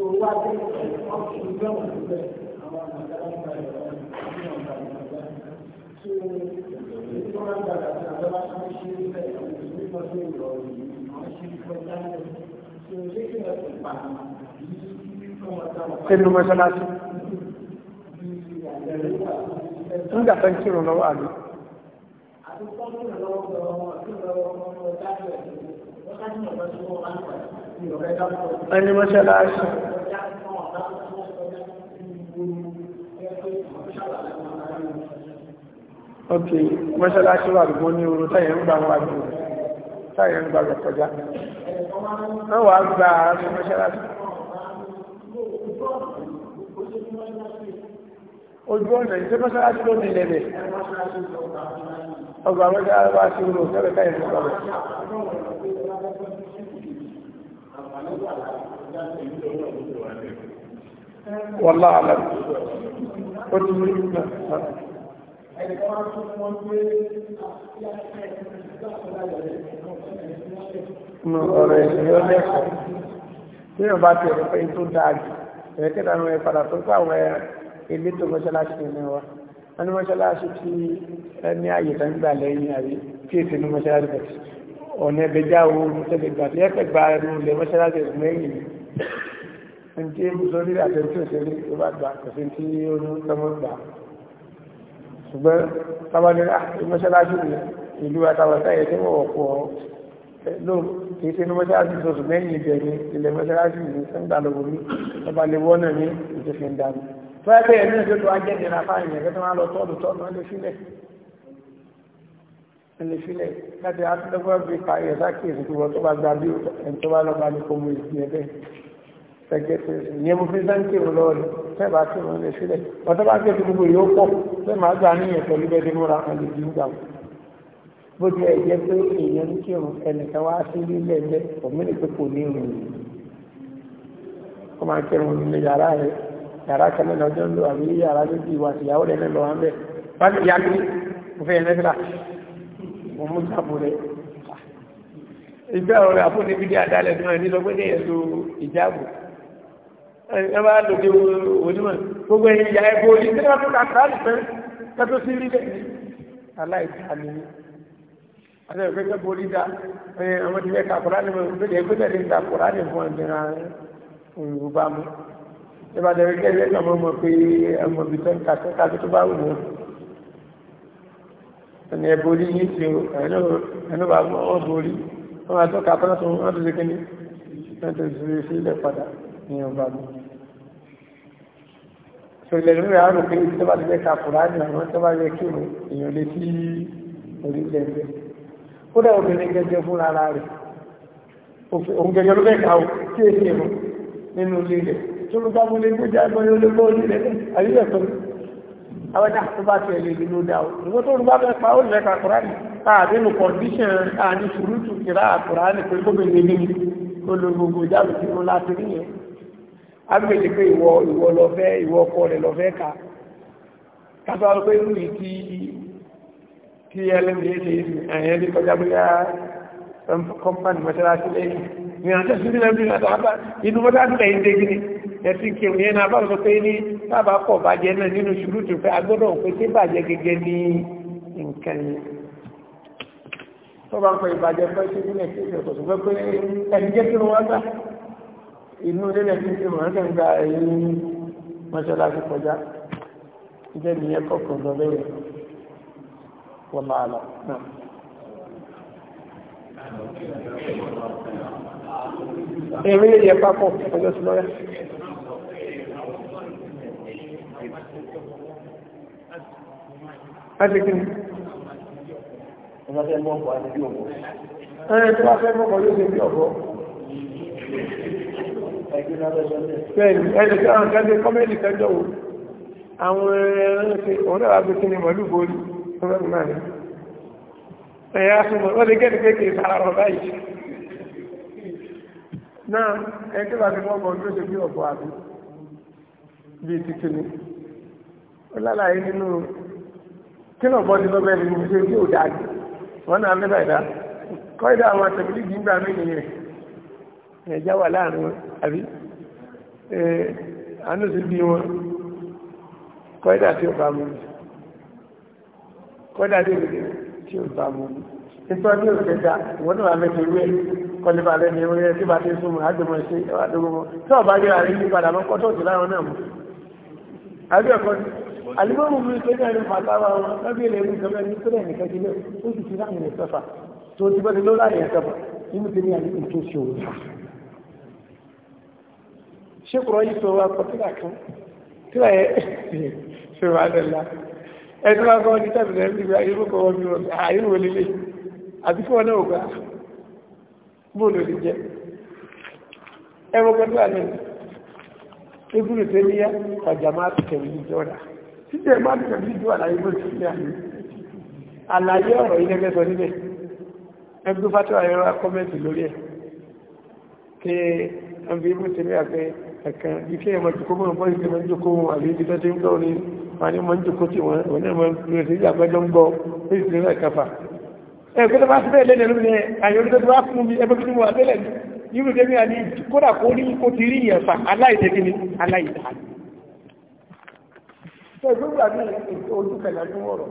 tó wá dé ọ̀sùn gbẹ̀wọ̀n síbẹ̀ àwọn àgbàdá ń gba ìrọ̀lẹ́ àti àwọn àgbàdá tó ìtọ́ máa ń gbàgbà sí àgbàdá tó ń ṣe níbẹ̀ àwọn ìgbìmọ̀ tó lọ àwọn ṣe kí wọ́n ti pa Ẹnu mọ́ṣáláṣí. Nígbà tó ń kírun lọ́wọ́ àlè. Àti tó ń kírun lọ́wọ́ ọmọ ọmọ ọmọ ọmọ ọmọ ọmọ ọmọ ọmọ ọmọ ọmọ ọmọ ọmọ ọmọ ọmọ ẹni mọ́ṣáláṣí ok mọ́ṣáláṣí wà gbogbo ní oru táyẹ̀ ń gba wọn àgbò táyẹ̀ ń gba rẹ̀kọjá wọ́n wà gba ààrẹ mọ́ṣáláṣí ojú ọ̀nà ìṣẹ́ mọ́ṣáláṣí ló nílẹ̀ rẹ̀ ọgbà mọ́ṣáláṣí wà sí oru wọ́lá àlẹ́ ó ti rí ìgbà Nù ọ̀rọ̀ ìṣẹ́ ọlẹ́kọ̀ọ́. Bí wọ́n bá ti ẹ̀rọ pé tó dáa jù, ẹ̀rẹ́kẹ́ta ni wọ́n padà tó kọ́ àwọn ilé tó mọ́ṣáláṣí ní wa. Wọ́n ní mọ́ṣáláṣí tí ẹni ààyè tán gbà lẹ́yìn àrí kí ní mọ́ṣáláṣí ọ̀nà ẹgbẹ̀já owó mọ́sẹ̀lẹ̀gbà tí ẹ́pẹ̀gbà ẹnu ilẹ̀ mọ́sálásí ẹ̀sùn mẹ́yìn ní tí ó sọ nílẹ̀ àtẹ̀tí òṣèré tó bá gbà kọ̀sí tí ó ní tọ́mọ́ gbà ṣùgbọ́n tábàlẹ́rà mọ́sálásí ah, ìlú àtàwọ̀tá ẹ̀ tí wọ́n wọ̀pọ̀ ló kì í ṣe ní mọ́sálásí oṣù mẹ́yìn ibẹ̀ ni ilẹ̀ mọ́sálásí ìlú sẹ́ńdà lọ́wọ́ mi tọ́ba lè wọ́nà ní ìtòfin ilé sílẹ̀ láti àtúndọ́gbọ́n fi parí ẹ̀ sákìyèsí tí wọ́n tó bá gba bí ẹni tó bá lọ bá ní kó mú ìsìn ẹ̀ bẹ́ẹ̀ ẹgbẹ́ tó ṣe ìyẹn mo fi sáńkì rò lọ́wọ́ rẹ̀ sẹ́ẹ̀bà tí wọ́n lè sílẹ̀ wọ́n tó bá gbé tó gbogbo yóò pọ̀ sẹ́ẹ̀ máa gbà níyẹn pẹ̀lú bẹ́ẹ̀ tí múra kan mo mú sáàbù rẹ̀ ìgbà ọ̀rẹ́ àfúnibí dé àdálẹ̀ náà ní lọ́gbẹ́ ní ẹ̀sọ́ ìjáàbù ẹ bá lòdì onímọ̀ gbogbo ẹ̀yìn ìyá ẹ̀bù òní tí wọ́n tún kàkà nìkan kẹ́tọ́ sí rí bẹ́ẹ̀ aláìsàn ni àti ẹ̀fẹ́ kẹ́ borí dá àwọn ti fẹ́ kàkúrá ni mo gbé ẹgbẹ́ tẹ̀lé ń kàkúrá ni fún ẹ̀dẹ̀rà òyìnbó bá mú ẹ bá dẹ̀rẹ́ kẹ́ ẹgbẹ́ kan mọ́ mọ́ pé ọmọ bìtẹ́ kàkẹ́ kàkẹ́ tó bá wù wọ́n ẹni ẹ̀bọ̀rí yìí ti ẹ̀nú bá wọ́n borí wọ́n máa tọ́ka pẹ́lá tó wọ́n tó ṣe kí ní wọ́n tó ṣe sílẹ̀ padà ní ọba mi. sọ̀rọ̀ ìlú rẹ̀ àrùn pé tó bá ti fẹ́ ka kùrá ní àwọn tó bá yẹ kí òun èèyàn lè fi orílẹ̀ ẹgbẹ́. ó dà obìnrin gẹ́gẹ́ fúnra ara rẹ̀ òun gẹ́gẹ́ ló fẹ́ ka ó kí èsì ẹ̀rọ nínú ilé rẹ̀ tó ló bá múlé gbójá gbọ́n àwọn ẹ̀dá tó bá ti ẹ̀lẹ́ ìlú dá o ìwọ́n tó ń bá bẹ́ẹ̀ pa ó lẹ́ka kùránì káàdé nù kọ̀ndíṣàn àní ṣùrùtù kìrá kùránì pé kó bèèrè ní olóògbò jáde tí mo láti rí yẹn agbègbè pé ìwọ ìwọ lọfẹ ìwọ ọkọ rẹ lọfẹ ká kátó wọn pé ìlú yìí tí tí ẹlẹ́mìí ṣe ẹ̀yẹn ní kọjá bóyá kọ́mpánì um, mọ́ṣáláṣí lẹ́yìn ní àtẹ̀sílẹ̀ bí i àtàwọn inú mọ́ṣáláṣí lẹ́yìn dé gíní ẹ̀sìn kí òun yẹn náà báwo pé ní bàbá pọ̀ bàjẹ́ náà nínú ṣùrùtù pé agbọ́dọ̀ pé tí bàjẹ́ gẹ́gẹ́ ní nǹkan yẹn tó bá ń pẹ ìbàjẹ́ pé tí nílẹ̀ tí ìṣẹ̀ kò sùgbọ́n pé ẹni jẹ́ kí wọ́n gbà inú nílẹ̀ tí ìṣẹ̀ wọ́n kàn gba èyí mọ́ṣáláṣí kọjá jẹ́ nìyẹn kọ̀ọ̀kan lọ lẹ́yìn wọ́n máa lọ náà. Èrè yẹ pápọ̀ ọjọ́ sí lọ́rẹ́. ẹ̀sì kí ni ẹ̀sì mọ́kọ̀ àti bí ọ̀bọ̀ ẹ̀rẹ́ tí wọ́n fẹ́ mọ́kọ̀ yóò ṣe bí ọ̀bọ̀ bẹ́ẹ̀ni ẹ̀sì tí wọ́n kẹ́ kọ́mẹ́lì kẹjọ wo àwọn ẹ̀rẹ́ òun náà wá kí ni mọ̀lú borí ọlọ́run náà ni ẹ̀yà súnmọ̀ ó lè gẹ́ni pé kì í sára rọ̀ báyìí náà ẹ̀ tí wọ́n fi mọ́kọ̀ yóò ṣe bí ọ̀bọ̀ àbí bíi títí ni ó lálàyé nínú kí náà bọ́ nínú bẹ́ẹ̀ ni mo ṣe ní òdà jù wọ́n náà mẹ́ta ìdá kọ́ ìdá àwọn àtẹ̀bílì yìí ń gbà mí nìyẹn ẹ̀já wà láàrin wọn àbí àánú sí bí wọn kọ́ ìdá tí ó bá mú kọ́ ìdá tí ó bá mú nípa bí òṣèlú ẹ̀dá ìwọ́n náà mẹ́ta ìwé kọlíbà lẹ́ni orí ẹ̀ tí bá ti súnmọ̀ àjọmọ̀ sí tí ọ̀bá yóò rí padà mọ́kọ́ tó alimọ́mù mi tó ní ẹni fàtàwà wọn lábí ilẹ̀ ìlú ìjọba ẹni tó lẹ̀ nìkan jí lẹ̀ ó sì ti láàrin ẹ̀ sẹ́fà tó ti bá ti ló láàrin ẹ̀ sẹ́fà nínú ti ní àlejò tó ṣe òun fà. ṣé kùrọ̀ yìí sọ wa kọ tíra kan tíra yẹ ṣe wà lẹ́la ẹ tí wọ́n kọ́ ní tábìlẹ̀ ẹ̀mí gba irú kọ́ wọn bí wọn àyè wọlé lé àbí kí wọn náà gbà bóòlù ti jẹ ẹ wọ́n kọ́ tíra náà ibùdó tẹ́lẹ̀ yá ọjà máa tẹ̀lé ìjọ́ra títẹ̀ má ti tẹ̀lé ìjú àlàyé bó ti ṣe àmì àlàyé ọ̀rọ̀ ilé mẹ́sọ níbẹ̀ ẹgbẹ́ fátó àyẹ̀wò akọ́mẹ́ntì lórí ẹ̀ kí wọ́n fi ibú ti rí àpẹ ẹ̀kan bí kí ẹ̀mọ́ jòkó mọ́ bọ́ ìgbẹ́ mọ́ jòkó wọn àbí ibi tó ti ń gbọ́ ni wọ́n ní mọ́ jòkó tí wọ́n wọ́n náà mọ́ ìgbẹ́ sí àgbẹ́jọ́ ń gbọ́ ó sì lè kàfà ẹ̀kọ́ tó bá ti bẹ́ẹ̀ lẹ́nu ní àyẹ̀wò tó bá fún mi ẹgbẹ́ tó wà tẹ́lẹ̀ ní ìrù tẹ́mi àní kódà kó ní kó ṣègbégbà ní ojú kẹlẹ ní wọrọ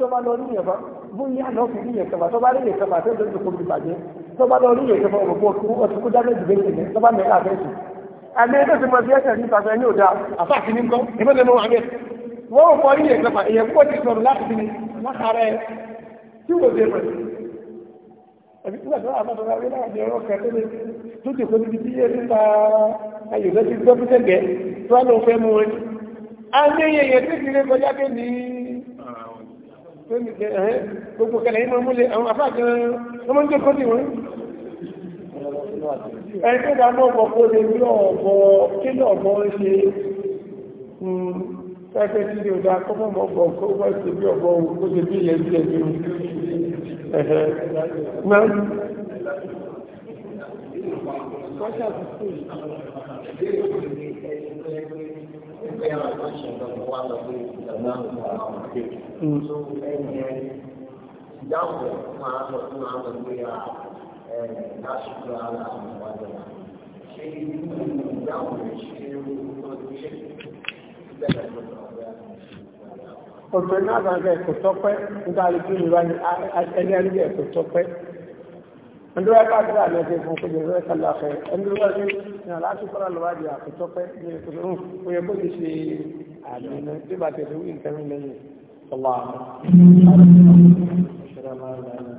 tó bá lọ rí yẹ̀fà bóyá náà fi rí yẹ̀fà tó bá rí yẹ̀fà tó lè tó kóbi bàjẹ́ tó bá lọ rí yẹ̀fà òbò kú ọtún kú dáná ìdìbò ìṣẹ̀lẹ̀ tó bá mẹ́rin àfẹ́sù. àmì ẹgbẹ́ tí mo fi ẹsẹ̀ ní ìtàkùn ẹni òdà àfáàfin ní nǹkan ìbọn lẹ́nu àmì ẹ̀. wọ́n ò fọ yíyẹ ìjọba ìyẹn wọ́n àbá a ní èyẹ tí ti lé kọjá pé ní gbogbo kẹlẹ̀ yìí máa múlẹ̀ àwọn afáàkì wọn máa ń jẹ́ kọ́tì wọn ẹni tó dáná ọ̀pọ̀ kó lè ní ọ̀bọ̀ kí ní ọ̀bọ̀ ń ṣe pẹ́pẹ́ hmm, tí lè dá kọ́mọ̀ ọ̀bọ̀ kó wọ́n ṣe bí ọ̀bọ̀ kó ṣe bí ilẹ̀ fẹ́ràn ìránṣẹ́ lọ́dún wá lọ pé ìjọba ń bọ̀ àwọn ọmọdé. tó ẹni ẹ ìdáhùn rẹ̀ máa ń lọ ya lásìkò ah, ara àwọn ọmọdé wa. ṣé ìdáhùn rẹ̀ ṣe é ló ń ṣe ìbẹ̀rẹ̀ lọ́dún ọ̀rẹ́ ọ̀tọ̀ náà bá ń fẹ́ kò tọ́pẹ́ nígbà tí ó lè wá ní ah, ẹni tọ́pẹ́ ndúrà káàkiri àmì ẹgbẹ́ fún kejì ẹgbẹ́ kàlá fẹ́ ndúrà ní aláṣù kọ́ra lọ́wọ́ àjẹ́ àkótọ́ pẹ́ ní ìpínlẹ̀ òun ó yẹ kó ti ṣe àmì ẹ̀nà tí bàtẹ̀ tó wí lẹ́yìn ọlọ́